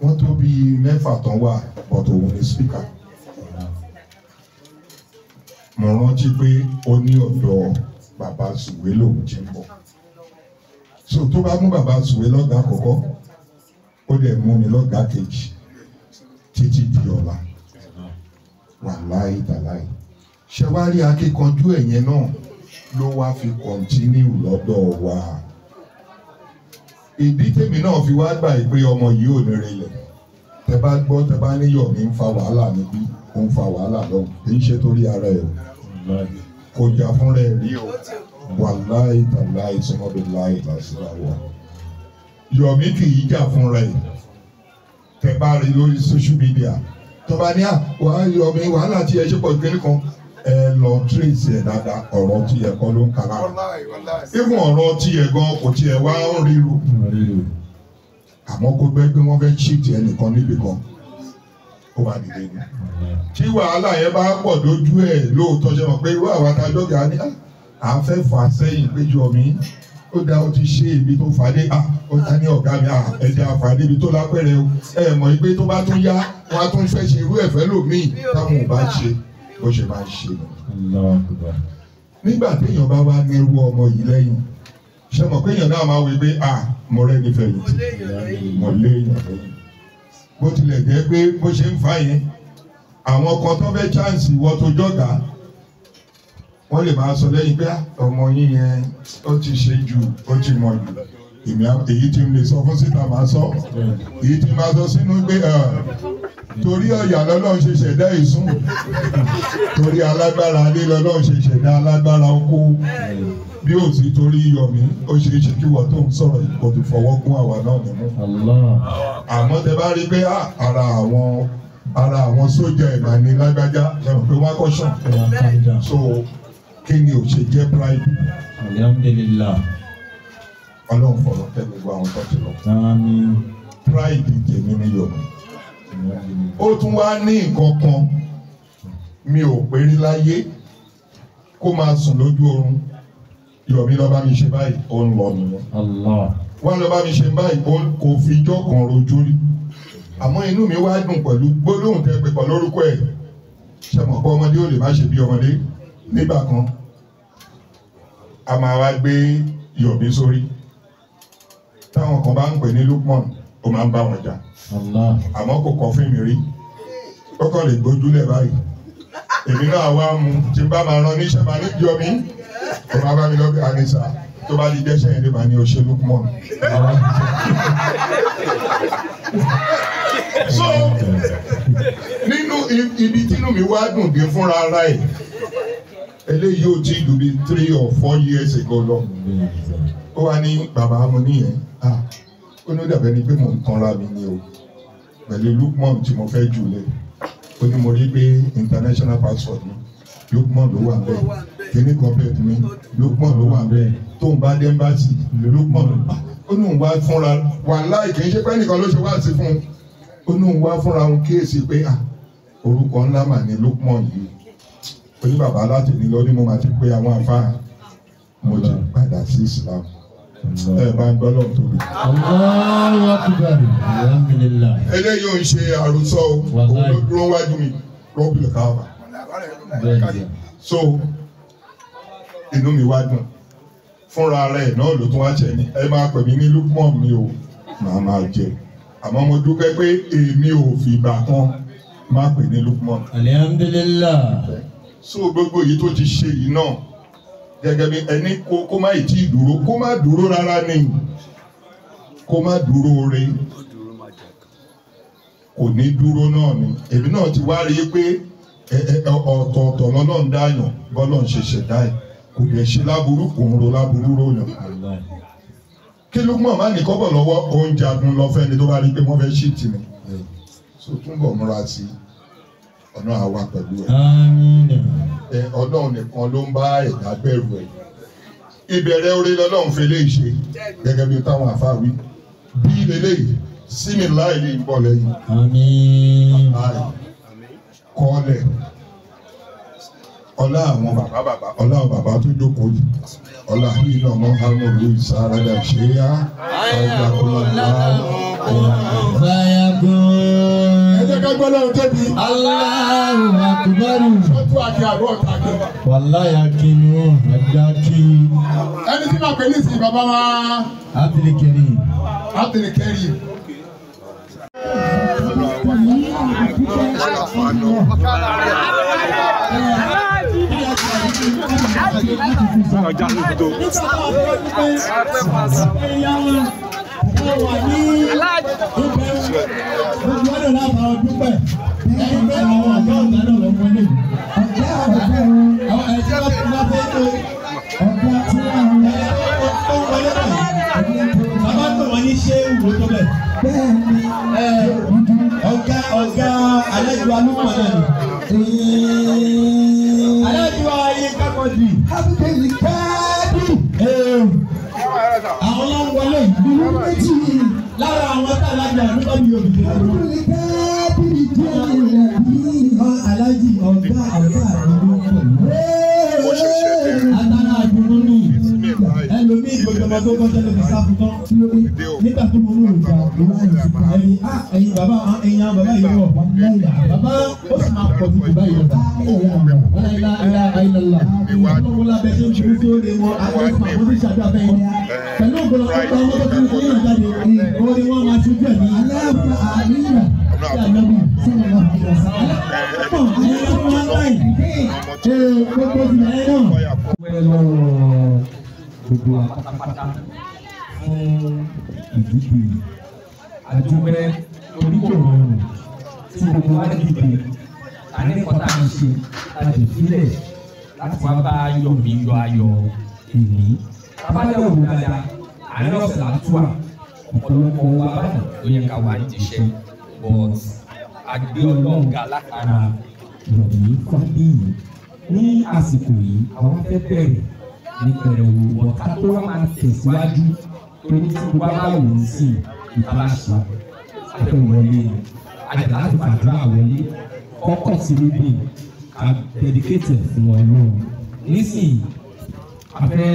wọ́n tó bí mẹ́fà tán wà bọ̀tò òun ni spíkà mo rántí pé ó ní ọ̀dọ̀ bàbá sùwé lòun ti ń bọ̀ so tó bá mú bàbá sùwé lọ́gàá àkọ́kọ́ ó dẹ̀ mú mi lọ́gàá kejì títí di ọ̀la wàláì tàláì ṣe wá rí akíkanjú ẹ̀yẹn náà ló wá fi kọ̀ntínú lọ́dọ̀ wa ìdí tèmi náà fi wá gbà pé ọmọ yìí ò ní relẹ̀ tẹ bá gbọ́ tẹ bá ní Yọ̀mí ń fa wàhálà níbí ó ń fa wàhálà lọ́hùn kì í ṣe torí ara ẹ̀ kò jà fúnra ẹ̀ rí o wàláì tàláì sọmọdé láì làṣírà wà. Yọ̀mí kì í jà fúnra ẹ̀ tẹ́ bá rí lórí social media tó bá ní à wà á Yọ̀mí wàhálà tí ẹ ṣe pọ̀ kiri kan ẹ lọ tírèsì ẹ dáadáa ọ̀rọ̀ tí ẹ kọ́ ló ń kàlà ìfún ọ̀rọ̀ tí ẹ gan kò tí ẹ wá ń ríru àmọ́ kó gbẹ́ pé wọ́n fẹ́ ṣíìtì ẹnìkan níbi kan ó bá dìde ni tí wàhálà yẹn bá pọ̀ lójú ẹ̀ lóòótọ́ ṣe mọ̀ pé irú àwọn atajọ́ gà à ń fẹ́ fà sẹ́yìn péjọ mi ó dá o ti ṣe ibi tó fàdé à ah, ọjà ní ọ̀gá mi à ẹ̀jẹ̀ àfàdé ibi tó lápẹ̀rẹ̀ o ẹ̀ mọ̀ ìgbé tó bá tún yá wọn á tún fẹ́ ṣe irú ẹ̀fẹ́ lòmíì táwọn ò bá ń ṣe bó ṣe máa ń ṣe. nígbà téèyàn bá wá ní irú ọmọ yìí lẹ́yìn ṣe mọ̀ pé èèyàn náà máa wí pé à ah, mo rẹ́ nífẹ̀ẹ́ yìí mo lé èèyàn lẹ́yìn bó tilẹ̀ jẹ́ pé bó ṣe ń fa yẹn àwọn kan tó fẹ́ chance ìwọ tó jọ̀gá wọ́n lè máa sọ lẹ́yìn pé ah, ọmọ yín yẹn ó ti ṣe jù ó ti mọ̀ jù èyí tí mo lè sọ fún síta máa sọ èyí tí máa sọ sínú pé ah, torí ọ̀yà lọ́lọ́run ṣe ṣẹ̀dá ìsún torí alágbára ní lọ́lọ́run ṣe ṣẹ̀dá alágbára oko bí ó sì torí yọmí ó ṣe ṣe kí wọ́n tó ń sọ̀rọ̀ ìkọ̀tù fọwọ́ gún àwa náà nínú. àmọ́ tẹ bá rí pé ah, ara àwọn ara àwọn sójà ìmọ̀ ní lágbájá ẹ̀ pé wọ́n á kọ́ sàn. so kí ni ò ṣe jẹ́ pride. alhamdulillah. ọlọ́run fọ̀rọ̀ tẹ́lẹ̀ gba àwọn tó ti lọ. àmín. pride tèmi ní yọ̀ ó tún wá ní nǹkan kan mi ò pérí láyé kó máa sùn lójú oorun yọ̀mí lọ́ba mi ṣe báyìí ó lọ nìyẹn. Allah wọ́n lọ bá mi ṣe báyìí kò fi ijọ́ kan rojú rí àmọ́ inú mi wá dùn pẹ̀lú gbólóhùn tẹ́ pẹ̀pọ̀ lórúkọ ẹ̀ ṣe mọ̀ pé ọmọdé ò lè má ṣe bí ọmọdé nígbà kan a máa wá gbé yọ̀bí sórí táwọn kan bá ń pè ní Lukman ó máa ń bá wọn jà àmọ́ kò kọ́ fún mi rí ó lè gbójúlẹ̀ báyìí èmi náà wá mu tí n bá máa rán níṣẹ́ máa níjọ mi ó máa bá mi lọ́gbẹ̀ẹ́ àníṣà tó bá di dẹ́sẹ̀ yẹn lè máa ní ọṣẹ Lukman. (laughs) so nínú ibi tínú mi wá dùn dé fúnra ara ẹ̀ eléyìí ò tí ì dùn bíi three or four years ago lọ ó wá ní bàbá mo nìyẹn ah ó ní ó dàbẹ́ ni pé mò ń tanra mi ni o pẹ̀lú lukman tí mo fẹ́ jù lẹ̀ ó ní mo rí pé international passport mi lukman ló wà bẹ́ẹ̀ kíní complete mi lukman ló wà bẹ́ẹ̀ tó ń bá dẹ́mbàsì lukman ló bá ó ní òun wá fúnra wà láì kì í ṣe pé nìkan ló ṣe wá sí fún un ó ní òun wá fúnra òun kíyèsí pé ah orúkọ ńlá mà ní lukman yìí pé bàbá láti ní lọ́dún mo máa ti pé àwọn afá mo ti padà sí Islam ẹ bá ń gbọ́dọ̀ tóbi. Allahu akbar alhamdulillah. eléyìí ò ń ṣe àròsọ o òun ló dúró wájú mi rọ́bìlì káwà. so inú mi wá dùn fúnra rẹ̀ náà ló tún wá jẹ ní ẹ máa pè mí ní Lukman mi o màá máa jẹ àmọ́ mo dúpẹ́ pé èmi ò fìgbà kan má pè ní Lukman. alihamdulilayi. so gbogbo yìí tó ti ṣe yìí náà gẹgẹ bí ẹni kó kó má ì tí ì dúró kó má dúró rárá ni kó má dúró re kò ní dúró náà ni èmi náà ti wá rí i pé ọ̀tọ̀ọ̀tọ̀ lọ́nà ń dáyàn bọ́lá ń ṣe ṣẹ̀dá ẹ̀ kò dẹ̀ ṣe láburú kò ń ro láburú ròyàn kí ló mọ̀ má ní kọ́bọ̀ lọ́wọ́ oúnjẹ àdùn lọ́fẹ́ ni tó bá rí i pé wọ́n fẹ́ túnbọ̀ múra sí i. ọ̀nà àwa pẹ̀lú ẹ̀. ọlọ́run nìkan ló ń bá ẹ̀dá bẹ̀rù ẹ̀. ìbẹ̀rẹ̀ orí lọ́lọ́run fi léyìí gẹ́gẹ́ bí táwọn àfa wí. bí lélẹ́yìí sími láì ní ìbọ̀ lẹ́yìn. kọ́lẹ̀ ọlá àwọn bàbá bàbá ọlá àwọn bàbá tó jókòó yìí ọlá yìí náà mọ hamon louis sarada ṣe é yá ọjà kọlọ náà ọjà kọlọ náà kágbọ́ lọ́run tóbi. Allahu Akbar. sọ́tù àti àgọ́ ọ̀tà kí. wàláyé akínú ẹni tí màá pè ní bàbá wa. Abdulkari. Abdulkari. Ọjà ló tó ẹ wà ní ibẹ̀ gbogbo ẹ̀rọ lábàá dúpẹ́ lẹ́yìn pé àwọn ọ̀gá ọ̀gá náà lọ́mọ ní. ọ̀gá ọ̀gá àwọn ẹ̀jẹ̀ ọ̀gá fẹ́ tó ọ̀gá tí wọ́n ń wọlé náà bàbá tó wọ́n ní ṣé ìwò tó bẹ̀. bẹ́ẹ̀ni ọ̀gá ọ̀gá alẹ́ ìlú alúmọ̀ náà ni. Anlıyorum. ọmọ tó kọ́ tẹ́lẹ̀ fi sáfù tán tí ó dé nígbà tó mo lóòrùn gbà ló wà ní ìsìnkú ẹ̀yìn á ẹ̀yìn bàbá ẹ̀yìn ah, àwọn bàbá yìí wọ̀ bàbá ó sì máa pọ̀ tuntun báyìí lọ́ta ọ̀la ẹ̀la ayélujára ìwọ́n lábẹ́ tó ń ṣe tó lé wọn àwọn ìfàmójú ṣàdúrà bẹ́ẹ̀ ni pẹ̀lú ọ̀pọ̀lọpọ̀ ọmọ tó ti ń jáde orí wọn máa ṣojú ẹ̀mí aláàbò àríyàn Gbogbo ìgbà ẹ̀ náà gbogbo àpapàpà fún ìdíje àdúgbẹ́ oníkòròrùn tí gbogbo wa dìde àníkọ́tà ń ṣe láti sílẹ̀ láti wá bá yọ̀mí yọ ayọ̀ èyí. abájáwò dáadáa àárín ọ̀sẹ̀ látúwà ọ̀pọ̀lọpọ̀ wa báyìí ló yẹ ká wà nídìíṣẹ́ but àgbẹ̀ ọlọ́run ga látara ìrọ̀lẹ́ fún àdéhùn ní àsìkò yìí àwọn fẹ́ bẹ̀rẹ̀ nípẹ̀rẹ̀ wò wọ́n ká tó wá máa tẹ̀síwájú torí tí gbogbo aláwọ̀ ń sìn ìpá àṣà afẹ́ wọlé ni àjà láti fàdúrà wọlé kọ́kọ́ sí níbí a dedicate fún wọn lóhùn nísìnyí afẹ́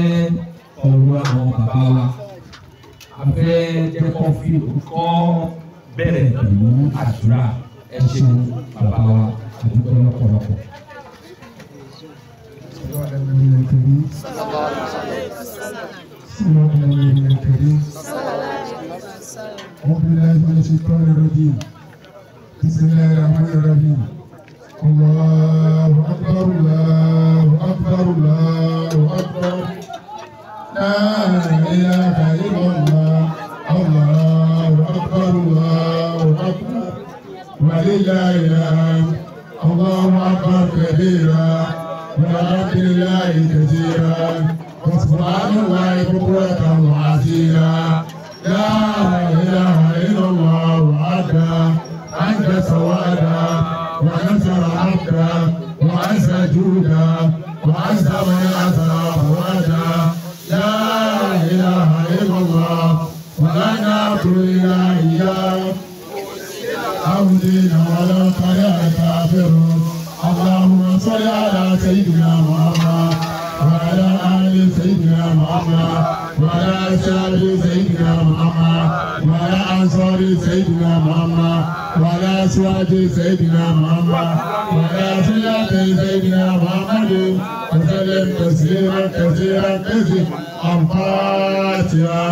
ọ̀rọ̀ àwọn bàbá wa afẹ́ jẹ́kọ́ fi kọ́ bẹ̀rẹ̀ pẹ̀lú àdúrà ẹ ṣeun bàbá wa àdúgbò lọ́pọ̀lọpọ̀. صلوا على النبي الكريم صلى الله عليه وسلم صلوا على النبي الكريم صلى الله عليه وسلم أعوذ بالله من الشيطان الرجيم بسم الله الرحمن الرحيم الله أكبر الله أكبر الله أكبر لا إله إلا الله الله أكبر الله أكبر ولله الحمد الله أكبر كبيرا والحمد الله كثيرا وسبحان الله بكرة وعسيلا لا إله إلا الله وحده أنت سوادا وأنزل عبدا وأنسى جودا وأنسى من أسرى فوادا لا إله إلا الله ولا نعبد إلا محمد وعلى أشهاد سيدنا محمد وعلى أنصار سيدنا محمد وعلى أسواج سيدنا محمد وعلى سلاة سيدنا محمد وسلم تسليما كثيرا كثيرا الفاتحة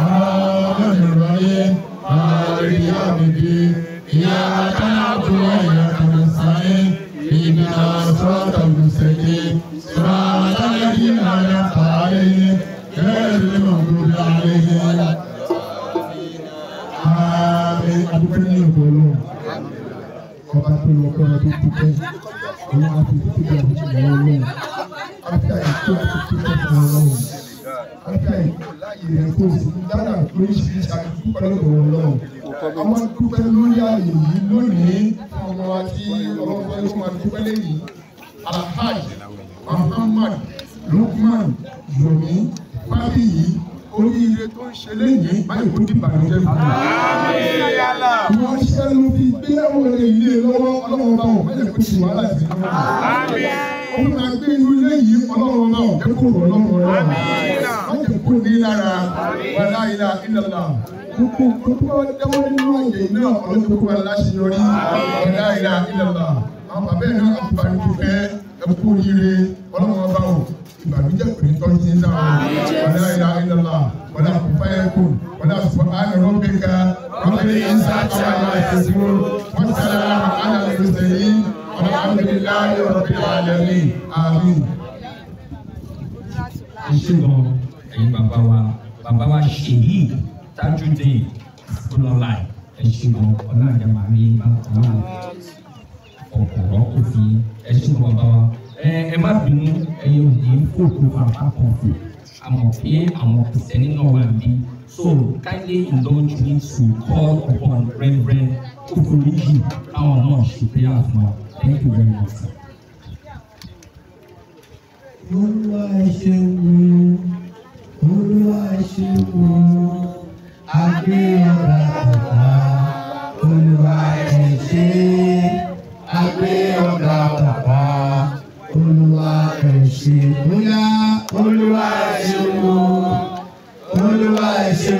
آمن الرحيم آمن يا مدين يا تعبد ويا الصراط المستقيم صراط الذين أنعمت عليهم غير المغضوب عليهم آمين أدوكم يا بولو ọba tó lọ kọ́ ọdún púpẹ́ ọlọ́run á fi títí bí ọdún ìwọ ọlọ́run after a two hours to take care of ọlọ́run after a ìrìn tó dára lóríṣiríṣi àti púpẹ́ lọ́dọ̀ ọlọ́run àwọn. dúpẹ́ lẹ́yìn alhaji muhammad lukman yomi fábíyì oríire tó ń ṣe lẹ́yìn báyìí kò dìbà ló fún mi. wọ́n ṣe ń fi gbéyàwó rẹ̀ ilé lọ́wọ́ ọlọ́run bá wọn mẹ́lẹ̀ kó ti wàhálà sí i. ó máa gbé inú ilé yìí ọlọ́run bá wọn kẹ́kọ̀ọ́ ọlọ́run rẹ̀ wọ́n jẹ́ kó ní lára wàhálà ìlà ìlàlà kókó kókó dáwọ́ nínú àyè náà ọlọ́run kó wà láṣeyọrí ìlà ìlàlà àwọn bàbá ẹ̀ náà kò pariwo kẹ́ ẹ̀kú yire ọlọ́run ọba o ìbànújẹ́ kò ní tọ́jú sí náà wàlá ìlà ìlàlá wàlá àkùnfà ẹ̀kú wàlá àkùnfà ẹ̀rọ bẹ́ẹ̀ka rọ́bìnrin ìsáàtì àwọn ẹ̀sìn wọn sálá àlà ìrùsẹ̀yìn alhamdulilayi rabbil alamin àmín. ìṣègùn ẹ̀yin bàbá wa bàbá wa ṣèyí Tajudeen Afọlọláì ẹ̀ṣin ọ̀la ìjàmbá mi bá ọ̀la kọ̀ọ̀kọ̀rọ̀ kò fi ẹ ṣe bàbá wa ẹ má bínú ẹyẹ òní fòkó fàǹfà kan fò so kindly indulge me to call upon Reverend Kukuriji káwọn náà ṣe prayer fún wa thank you very much. Olúwa ẹ ṣeun, Olúwa ẹ ṣeun, adé ọ̀rá bàbá, Olúwa ẹ adé ọ̀dà Oluwa, olúwa Oluwa, ṣé Oluwa, olúwa ẹ ṣé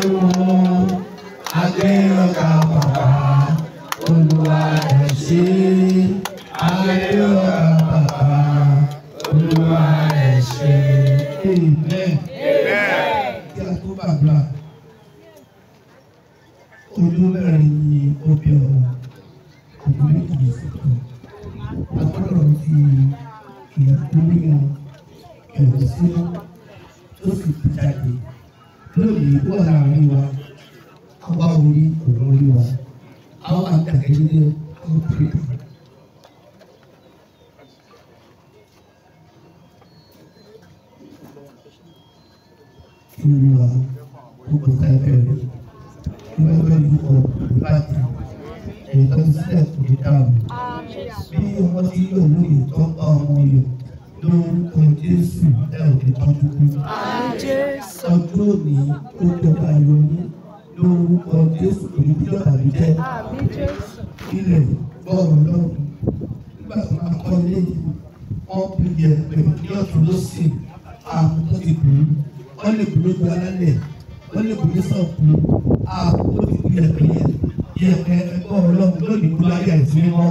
ìdílé wọn.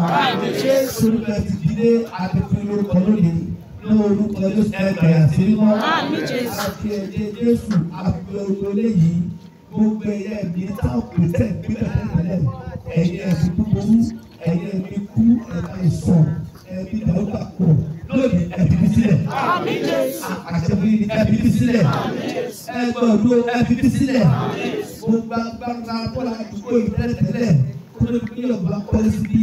Jésù Kristi dílé àtẹ̀fẹ́ lórúkọ lónìí ní orúkọ Jésù ẹ̀kẹ́ àṣírí wọn. Àti ẹ̀jẹ̀ Jésù àfihàn orúkọ léyìí gbogbo ẹ̀yẹ mi táwọn pèsè ìpínlẹ̀ tẹ̀lẹ̀ ẹ̀yẹ ẹ̀sìn búburú ẹ̀yẹ mi kú ẹ̀ka ìsàn ẹ̀mí dàrúkà pọ̀ lónìí ẹ̀fífi sílẹ̀. Ah, ah, Àṣẹ̀fín ni ẹ̀fífi sílẹ̀. Ẹgbẹ́ òdo ẹ̀fífi sílẹ̀. Ah, gbogbo agbára bọ́lá àdúgbò ìtẹ́lẹ̀tẹ́lẹ̀ kó lè gbé ọ̀gbà pẹ́lẹ́sì bí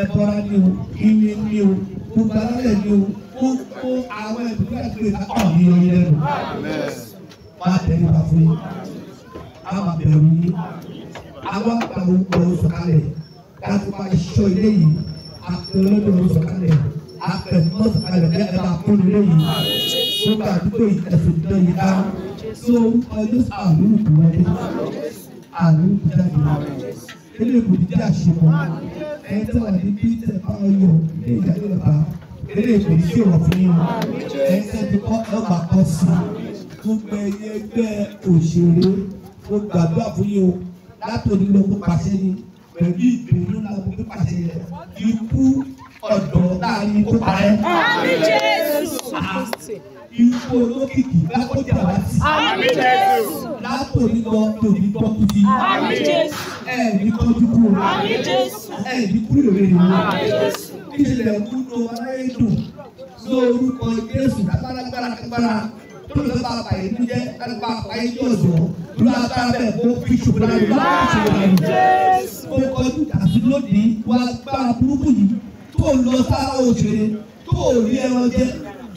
ẹ̀bọra ni o iye ni o gbogbo alálẹ̀ ni o gbogbo àwọn ẹ̀dùnkún àgbèrè náà kàn ní orí lẹ́nu. Má bẹ̀rù bá fún yín. A máa bẹ̀rù yín. Àwọn àgbà òun sọ̀kalẹ̀ láti máa ṣọ́ ilé yìí. Àpẹẹrẹ òun sọ̀kalẹ̀. Àpẹẹrẹ sọ̀kalẹ̀ bẹ́ẹ̀ ẹ máa kún ilé yìí. Gbogbo àdúgbò yìí ẹ̀sùn dán yìí dá. So ọdún àlùkù wọlé. Àlùkù jáde kí lè bù dídí àṣepọ̀ ẹ̀ tẹ̀ wà ní bí tẹ̀ bá yọ ìjà yóò bá eré ìpè sí ọ̀rọ̀ fún yín ẹ̀ tẹ̀ fi kọ́ ẹ̀gbà kọ́ gbogbo ẹyẹ ẹgbẹ́ òṣèré mo gbàdúrà fún yín o látòdì lọ kó pàṣẹ ni pẹ̀lú ìdùnnú náà kó pàṣẹ yẹn ikú ọ̀dọ́ láàrin kó parẹ́. àmín Jésù ikú olókìkí bá kó jà wá sí. àmín jésù. látòrí lọ tòrí gbọ́ kùtì. àmín jésù. ẹ ní kọjú kú o. àmín jésù. ẹ ní kúrò rẹ nìyẹn. àmín jésù. ilẹ̀ wúlò aráyé dùn lórúkọ jésù lágbára lágbára tó lọ bá bàyè ní jẹ alùpàá bàyè ní ọjọ́ lọ́dọ̀ bẹ́ẹ̀ kó fi ṣòro láyé lọ́wọ́ ṣòro láyé. ó kọjú àti lónìí wàá gbára burúkú yìí tó lọ sára òṣèré tó rí ẹran jẹ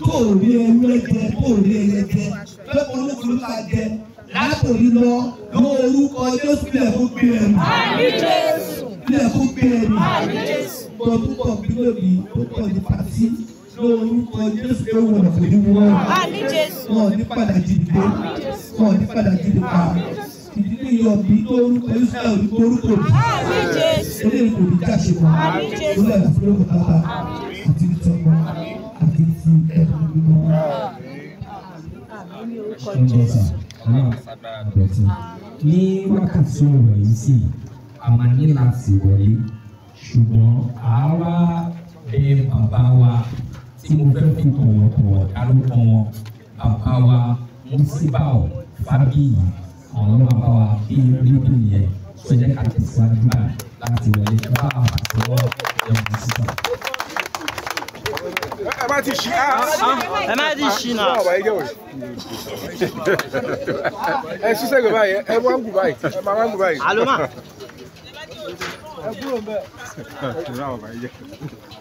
tó o rí ewúrẹ́ jẹ tó o rí ẹyẹ jẹ fẹ́ kó ló tún ká jẹ látòrí lọ lọ orúkọ Jésù bí ẹ̀fún gbé ẹ̀mí. bí ẹ̀fún gbé ẹ̀mí. tó púpọ̀ bí lóbi tó pọ̀ ní pàtí lọ orúkọ Jésù pé wọ́n kò ní wọ́n. wọ́n ní padà jìbìdé wọ́n ní padà jìbìdé ìdílé yọ̀bí tó orúkọ Israẹl ní orúkọ mi. eléyìí kò ní jáṣe wọn. ó lẹ́yìn àfúrẹ́wò tata àti ìtọ́gbọ́n àti sí ẹ̀mí mímọ́. Ṣọ́nọ́sà Ọlọ́run ní wákàtí ọ̀rọ̀ yìí sì a máa ní láti wọlé ṣùgbọ́n àwa bẹ bàbá wa tí mo fẹ́ fi tọ̀wọ̀tọ̀wọ̀ dárúkọ wọn bàbá wa Musibau Fábíyì àwọn bàbá wa bí rédíò yẹn sọ jẹ́ ká láti wọlé bá àwọn àti wọ́n jẹun sísá ẹ má ti ṣí ah, ah, ah, ẹ má ti ṣí náà. ọba yìí jẹ́wọ̀ ẹ ṣiṣẹ́ gbé báyìí ẹ wá ń gùn báyìí ẹ máa ń gùn báyìí. àlọ́ mà. ẹ kúrò ń bẹ̀. (laughs)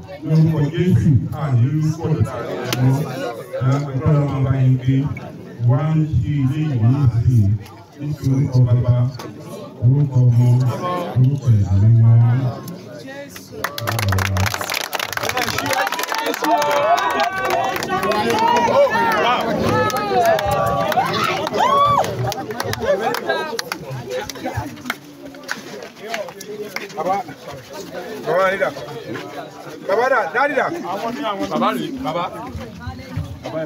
lórúkọ Jésù àní lórúkọ ìtàrí ẹ̀rọ ẹ̀rọ máa bá yín gbé wá ń ṣí ilé ìwé sí nítorí orúkọ bàbá orúkọ ọmọ orúkọ ìdílé wọn. Thank you. Baba. Baba ni da. Baba da, dadi da. Baba ni, baba. Baba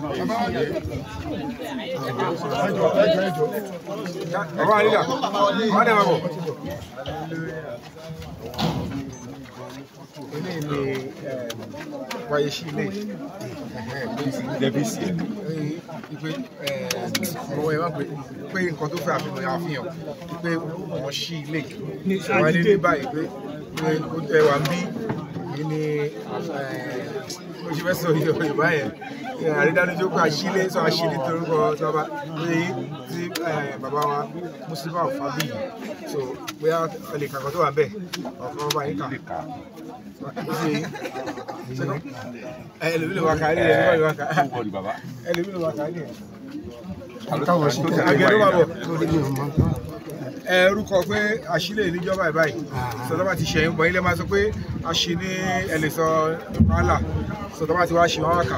ni da. Baba da babo eléyìí ni eh, wáyé sí ilé dẹbísì ìpè ọwọ́ ẹ má pé pé nǹkan tó fẹ́ àfihàn àfihàn pé wọ́n sí ilé wọ́n ní ní báyìí pé ó tẹ wà ń bí yìí ni ó eh, ṣe fẹ́ sọ Yorùbá yẹn àrídájú pé àṣílé sọ àṣílé torúkọ tọba èyí tí bàbá wa mùsùlùmá Fábíyì so bóyá ọlẹ kankan tó wà bẹ́ẹ̀ ọkọ ọba yìí kà ẹlòmílò wà kárí ẹ ẹlòmílò wà kárí ẹ. àgẹ̀rọ wà bọ̀ ẹ orúkọ pé àṣìlè níjọba ìbáyìí sọdọ́bà ti ṣẹ̀yìn bọ̀ ilé máa sọ pé àṣì ní ẹ lè sọ wàhálà sọdọ́bà ti wá ṣì wá wákà.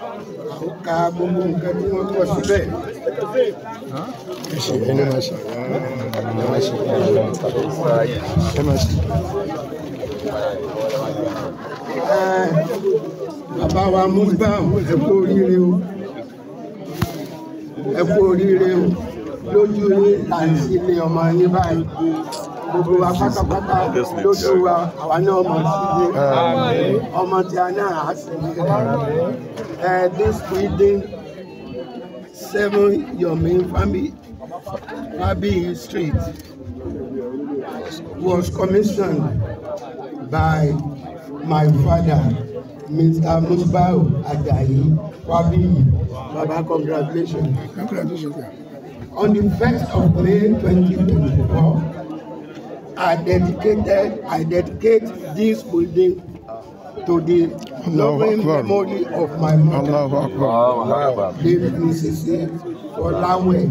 ka gbogbo nǹkan tí wọ́n kọ síbẹ̀. ẹ ní máa ṣe ẹ máa ṣe ẹ máa ṣe. bàbá wa mú gbà ẹ kú oríire o ẹ kú oríire o lójú yín àti ilé ọmọ yín báyìí gbogbo wa lójú wa àwa náà ọmọ sí i ọmọ tí a náà á sì ní rẹ this reading seven Yomi family Fabi Street was commissioned by my father. Mr. Musbau Ajayi Fabi. Baba, congratulations. Congratulations. On the 1st of May 2024, I dedicated, I dedicate this building to the loving memory of my mother. Allahu Akbar. Allahu Akbar. Ọláwẹ̀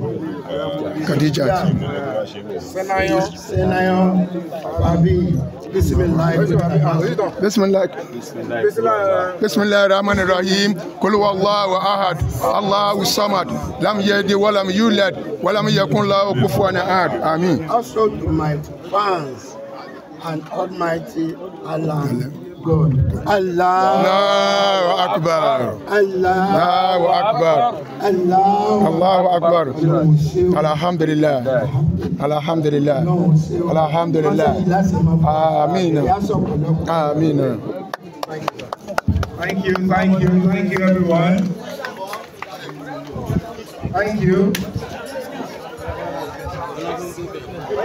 Khadijat Sẹ́náyán Sẹ́náyán Babi bisimilayi bisimilayi bisimilayi rahim kuluwa allahu ahad allahu samad lam yedi walam yulad walam yakun lahu kufuwan ahad amin. Also to my fans and Almighty Allah. God. Allah. Akbar. Allah. Akbar. Allah. Akbar. Alhamdulillah. Alhamdulillah. Alhamdulillah. Amen. Amen. Thank you, thank you, thank you everyone. Thank you.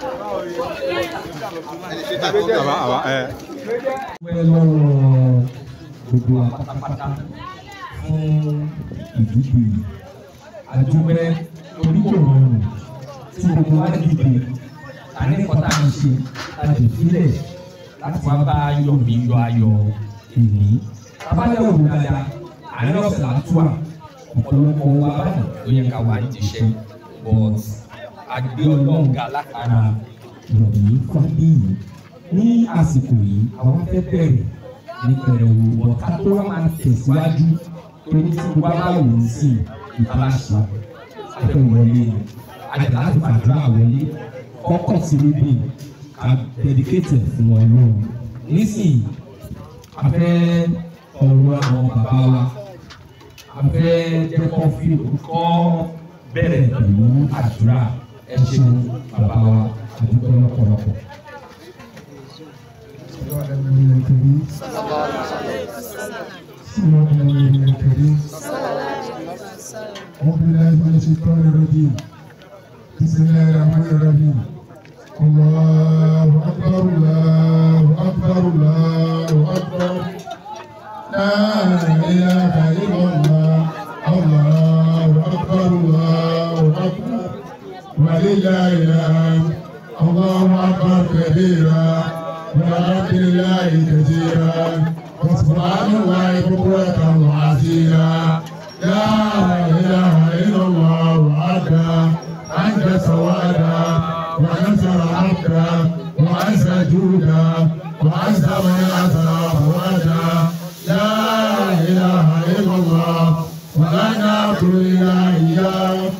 gbogbo àpàtàpàtà fún ìdíje àjùmẹ oníkòròrùn tí gbogbo wa dìde àníkọta mi ṣe láti sílẹ̀ láti wá bá ayọ̀ mi yọ ayọ̀ èmi abájáwò dáadáa àárín ọ̀sẹ̀ làtúwà ọ̀pọ̀lọpọ̀ wa báyìí ló yẹ ká wà ní ìṣe bọ́ọ̀sì àgbé ọlọ́run ga lákàrà rọ̀bì fàdé yìí ní àsìkò yìí àwọn afẹ́ bẹ̀rẹ̀ ní pẹ̀rẹ̀wò ọ̀ká tó wá máa tẹ̀síwájú torí tí gbogbo aláwọ̀ ń sìn ìbáṣe afẹ́ wọlé ni àjàdá láti fàdúrà wọlé kọ́kọ́ sí níbí a dedicate fún ọlọ́run nísìnyí afẹ́ ọ̀rọ̀ àwọn bàbá wa afẹ́ jẹ́kọ́ fi kọ́ bẹ̀rẹ̀ pẹ̀lú àdúrà. Allah, Allah, ولله الحمد اللهم أكبر كبيرا والحمد الله كثيرا وسبحان الله بكرة وعسيرا لا إله إلا الله وحده أنت سوادا ونصر عبدا وأنسى جودا وأنسى من أسرى فوادا لا إله إلا الله ولا نعبد إلا إياه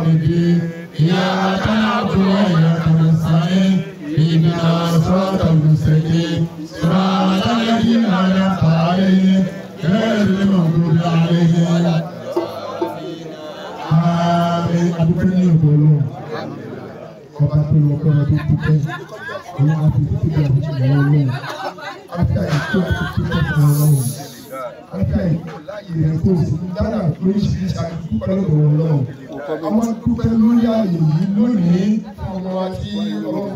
عبدي إياك نعبد وإياك نستعين اهدنا الصراط المستقيم صراط الذين أنعمت عليهم غير المغضوب عليهم ولا الضالين àdúgbò ní ọ̀dọ̀ ọlọ́run ọba tó lọ kọ́ ọdún pípẹ́ ọmọ àfihàn tó gbà fún ọmọ ọlọ́run after ìtò àti tó kọ́ fún ọlọ́run after ìrẹ́pọ̀ dára lóríṣiríṣi àdúgbò lọ́dọ̀ ọlọ́run.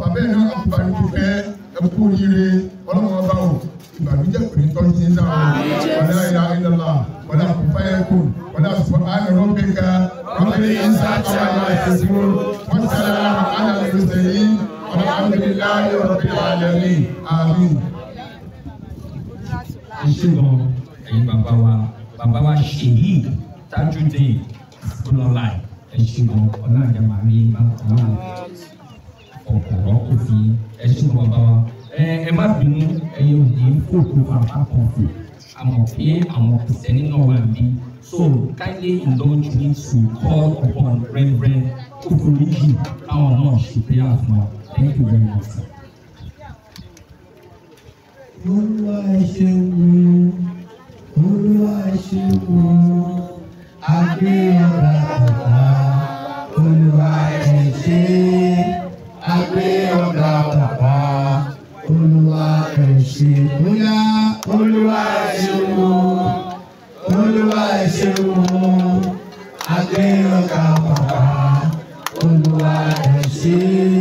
bàbá ẹ̀ náà bá ní kúfẹ́ ẹ̀kú yire ọlọ́wọ́ bá wò ìbànújẹ́ kò ní tọ́jú sí náà wọlé ayélujára ayélujára wọlé àkùnfà yẹn kù wọlé àkùnfà ayélujára wọn bẹ ká wọn bẹ ìsà àtàwọn àwọn ìfẹsùn wọn sàlẹ̀ àwọn àwọn ìfẹsẹ̀yìn alhamdulilayi rabbil alamin amin. ìṣègùn ẹ̀yin bàbá wa bàbá wa ṣèyí tájú dé kúlọ̀ láì ẹ̀ṣin ọ̀la ìjàmbá kò fi ẹ ṣe wọn bá wa ẹ má bínú ẹyẹ òní fòkù àpá kan fò àmọ́ pé àwọn kìsẹ́ni náà wà bí so kindly indulge me to call upon Reverend Kukuriji káwọn náà ṣe pé àfún thank you very much. Olúwa ẹ ṣeun, Olúwa ẹ ṣeun, adé ọ̀rá Olúwa ẹ adé ọ̀gá bàbá olúwa ẹ ṣé bóyá olúwa ẹ ṣé o olúwa ẹ ṣé o olúwa ẹ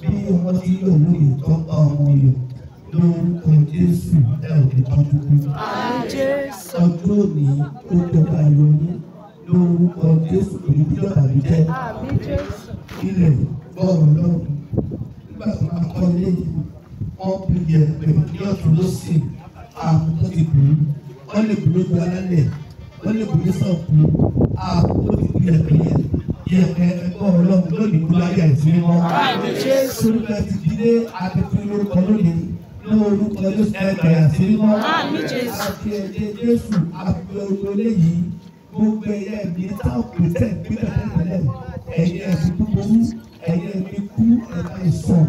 bí wọ́n ti lò lóyè tó ń bá ọmọ lò lórúkọ Jésù ẹ ò ní tọ́jú kú. ọjọ́ òní ó jọba ìrònú lórúkọ Jésù kò ní jọba mi jẹ́. ilẹ̀ bọ́ọ̀lù lọ́rùn nígbà tó máa kọ́ ilé wọ́n bí yẹ ní ọ̀tún lọ́sìn àwọn tó ti bù ú wọ́n lè bù mí gba lálẹ́ wọ́n lè bù mí sàn kú. lónìí kúlú ayé àìsí mímọ́. Sórí la ti dílé àdìpín lórúkọ lónìí ní orúkọ Jésù ẹgbẹ́ àìsí mímọ́. Àti ẹ̀jẹ̀ Jésù àgbẹ̀ ògbó léyìí. Gbogbo ẹ̀yà ẹ̀mí táwọn pèsè ìpínlẹ̀ tẹ̀lé. Ẹ̀yà ẹ̀mí búburú, ẹ̀yà ẹ̀mí kú, ẹ̀ka ìsàn,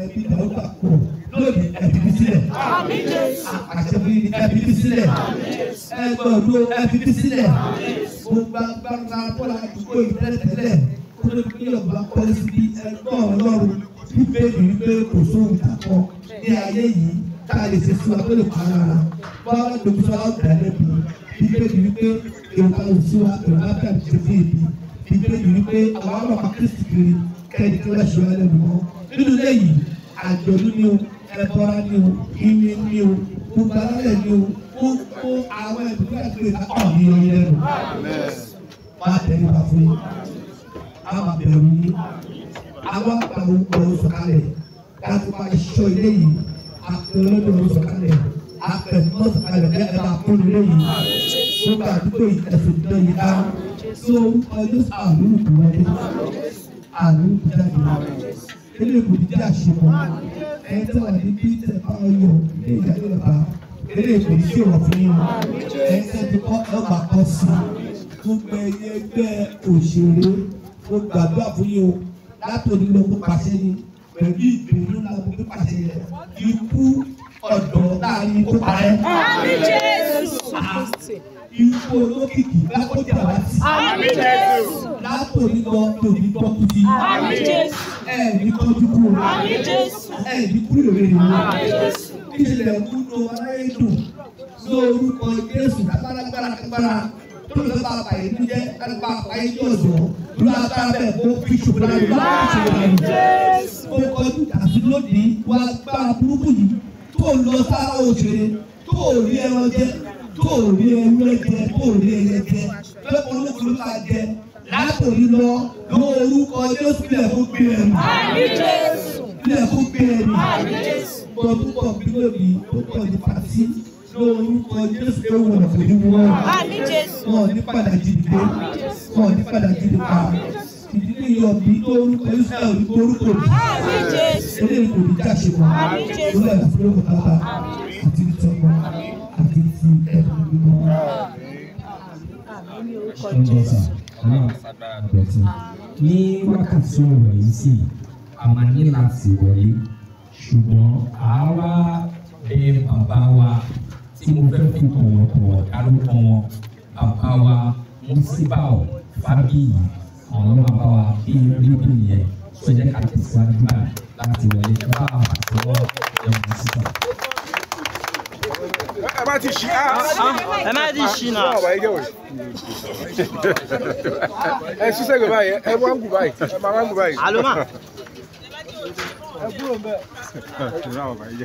ẹ̀mí dàrúkà pọ̀. Lónìí ẹ̀bí bí sílẹ̀. Àṣẹ bí ẹ̀bí bí sílẹ̀. Ẹgbẹ́ òdo ẹ̀bí bí sílẹ̀. Gbogbo agbára bọ́lá àdúgbò ìtẹ́lẹ̀tẹ́lẹ̀ torí pé ọba pẹ́ síbi ẹgbẹ́ ọlọ́run bíbélì wípé kò sóhun kàkọ́ ní ayé yìí ká lè ṣe sí wa tó lè pa ara wa báwa lóbi sọ àwọn ọ̀gá lẹ́bi bíbélì wípé èròkà òsì wa èròkà bẹ̀rẹ̀ ti fi ibi bíbélì wípé àwọn ọmọ ọmọ kristi kiri kẹ́ni kí wọ́n ṣe wá lẹ́nu mọ́ nínú léyìí àjọ̀dún ni o ẹ̀bọra ni o ìyìn ni o gbogbo alẹ́ ni o ó kó àwọn ẹ̀dùn kí wọ́n ti lè ká ọ̀ ní ọyẹ lẹ́nu. Má tẹ̀lé wa fún yín àwa bẹ̀rù yín àwa gba orúkọ oṣù kalẹ̀ láti máa ṣọ́ ilé yìí àpẹẹrẹ oṣù kalẹ̀ àpẹẹrẹ oṣù kalẹ̀ bẹ́ẹ̀ ẹ máa kún ilé yìí tó gba àdúgbò yìí ẹ̀sùn ìdán yìí dá sí orúkọ Jésù àlùkù wọlé àlùkù jáde ilé ìbòjì jẹ́ àṣepọ̀ ẹ̀ tẹ́ wà ní bí tẹ̀ bá ọ yọ ilé ìdájọ́ bàbá eré ìpèsè sí ìwọ̀n fún yín ẹ̀ tẹ́ ti kọ́ ọgbà kọ́ sí gbogbo ẹyẹ ẹgbẹ́ òṣèré mo gbàdúrà fún yín o látòdì lọ mo pàṣẹ ni pẹ̀lú ìdùnnú náà mo pàṣẹ rẹ̀ ikú ọ̀dọ́ láàrin kó parẹ́. àmín Jésù. Ah, ikú olókìkí lákòjà wá sí. àmín Jésù. látòdì lọ tòdì bọ́ kùtì. àmín Jésù. ẹ ní tọ́jú kúrò. àmín Jésù. ẹ ní kúrò rẹ̀ nìyẹn. àmín Jésù. ilẹ̀ kúndùn aráyé dùn lórúkọ Jésù lágbára lágbára lórí ló bá bá ìlú jẹ́ alùpà ayélujára ọ̀dọ́ ló bá bá bẹ́ẹ̀ kó fi ṣùgbọ́n àlùbá kó kọjú àti lónìí wá gbá burúkú yìí tó lọ sára òṣèré tó rí ẹran jẹ tó rí ewúrẹ́ jẹ tó rí ẹyẹ jẹ pé olóko ló máa jẹ látòrí lọ lọ orúkọ Jésù bílẹ̀ lórúkọ jésù ewu ọ̀nà kò ní wọ́n wọn ò ní padà dìde wọn ò ní padà dìde pa ìdílé yọ̀bí lórúkọ israẹl lórúkọ bí eléyìí kò ní jáde wọn lórí ẹ̀rọ fúlọ́kọ̀ bàbá àti ìtọ́kọ àti ti ẹ̀rọ mímọ́. ní wákàtí ọ̀rọ̀ yìí sì a máa ní láti wọlé ṣùgbọ́n àwa bẹ bàbá wa tí mo fẹ́ fi tọ̀wọ̀tọ̀wọ̀ dárúkọ wọn bàbá wa Musibau Fábíyì àwọn ọlọ́run bá wa bí rédíò yẹn tó jẹ́ ká tẹ̀síwájú báyìí láti wọlé ẹ bá àwọn àtọwọ́ ẹ mú síta. Ah, ah. ẹ má ti ṣí náà. ẹ má ti ṣí náà. ẹ ṣiṣẹ́ gbé báyìí ẹ wá ń gùn báyìí ẹ máa wá ń gùn báyìí. àlọ́ ẹ kúrò ń bẹ̀. ẹ kúrò àwọn báyìí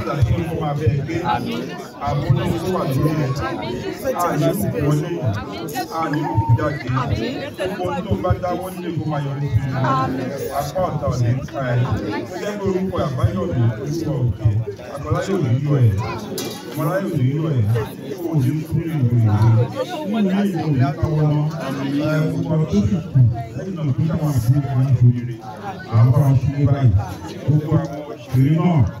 fìlà tó ní kó máa bẹ gbé àbúrò tó wà lórí rẹ àní wọlé àní jáde gbogbo tó bá dáwọ́ nílé kó máa yọrí sí i apá ọ̀tá ọ̀nà ẹ̀ka ẹ̀ gẹ́gẹ́ bí orúkọ àbáyọ̀mí orúkọ òkè àgbọ̀láyò nínú ẹ̀ ọmọláyò nínú ẹ̀ kó ní kú ìlú ìlú nínú ìlú ìkáwọ́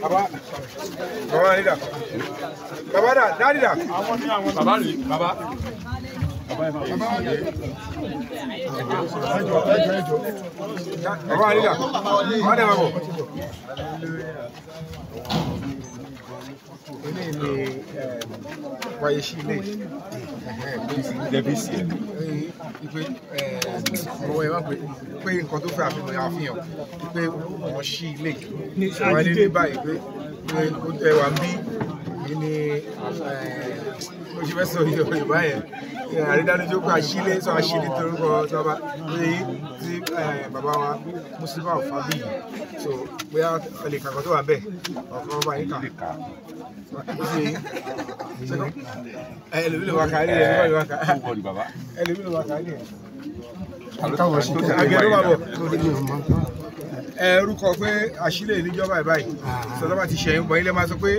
baba baba ni da baba da dadi da baba ni baba. Baba Alida, Madam Abo eléyìí ni eh, wáyé sí ilé dẹ́bísì ẹ̀ pé ọwọ́ ẹ wá pé pé nǹkan tó fẹ́ àfihàn àfihàn pé wọ́n sí ilé Yorùbá eh, yẹn àrídájú pé àṣílé sọ àṣílé torúkọ tọba èyí tí bàbá wa mùsùlùmá ọ̀fà bí yìí so bóyá ọlẹ̀ kàkọ́ tó wà bẹ́ẹ̀ ọ̀kan ọba yìí kà ẹlòmílò wà kàálì rẹ̀ ẹlòmílò wà kàálì rẹ̀ ẹlòmílò wà kàálì rẹ̀ àgẹ̀dọ̀ wà bọ̀ ẹrúkọ eh, pé àṣìlè níjọba ìbáyìí sọdọ́bà ti ṣẹ̀yìn bọ̀ ilé máa sọ pé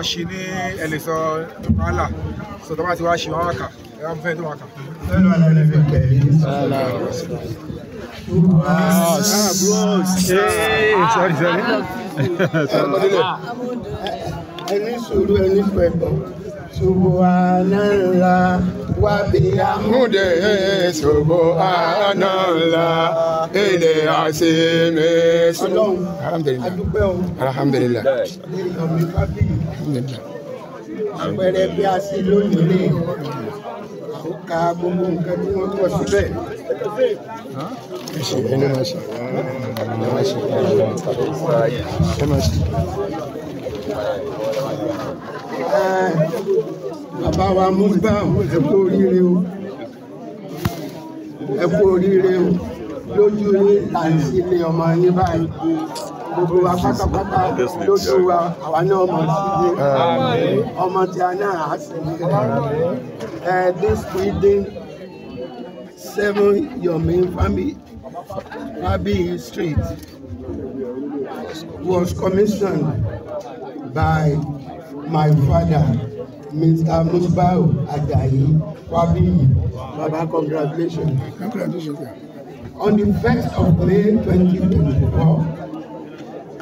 àṣì ní ẹ̀lẹ́sọ̀ wàhálà sọdọ́bà ti wá ṣì wá wákà ẹni sùúrù ẹni pẹ̀lú subhanala wa bihamde subhanala ele aseme sunu. alhamdulilayi alhamdulilayi alhamdulilayi. àpẹẹrẹ bí a ṣe lónìí ka gbogbo nǹkan tí wọ́n kọ́ síbẹ̀. ẹ ní máa ṣe ẹ máa ṣe ẹ máa ṣe. bàbá wa mú gbà ẹ kú oríire o ẹ kú oríire o lójú ní àìsílẹ̀ ọmọ yín báyìí gbogbo wa pátápátá lójú wa àwa ní ọmọ sí i ọmọ tí a náà á sì ní ẹ this reading seven your main family, Fabi Street was commissioned by my father Mr. Musbau Ajayi Fabi Baba congratulations. congratulations. On the 1st of May 2024,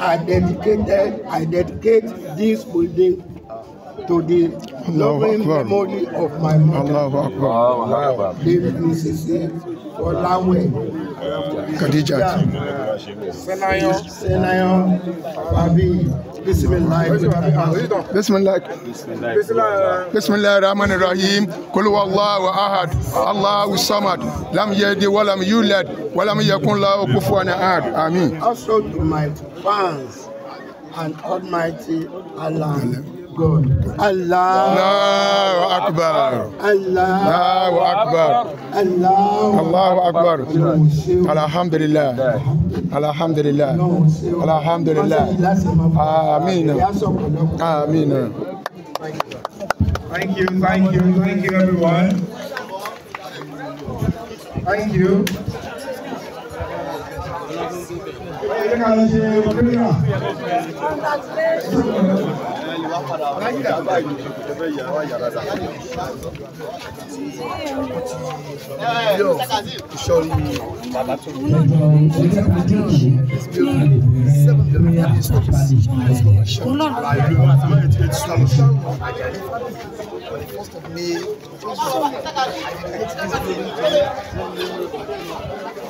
I dedicated, I dedicate this building to the loving memory of my mother. Allah Akbar. David Mrs. Olawe. Khadija. Senayon, Senayon, Babi. Bismillah. Bismillah. Bismillah. Bismillah Rahman Rahim. Qul huwallahu ahad. Allahu samad. Lam yalid wa lam yulad wa lam yakun lahu kufuwan ahad. Amin. Also tonight, fans and Almighty Allah. God. Allah Akbar. Allah Akbar. Allah Akbar. Alhamdulillah. Alhamdulillah. Alhamdulillah. Amen. Amen. Thank you, thank you, thank you everyone. Thank you. ẹ̀yẹ́ ká lọ ṣe bọ́kẹ́rìnà. yóò sọrí bàbá tó bí. Thank you.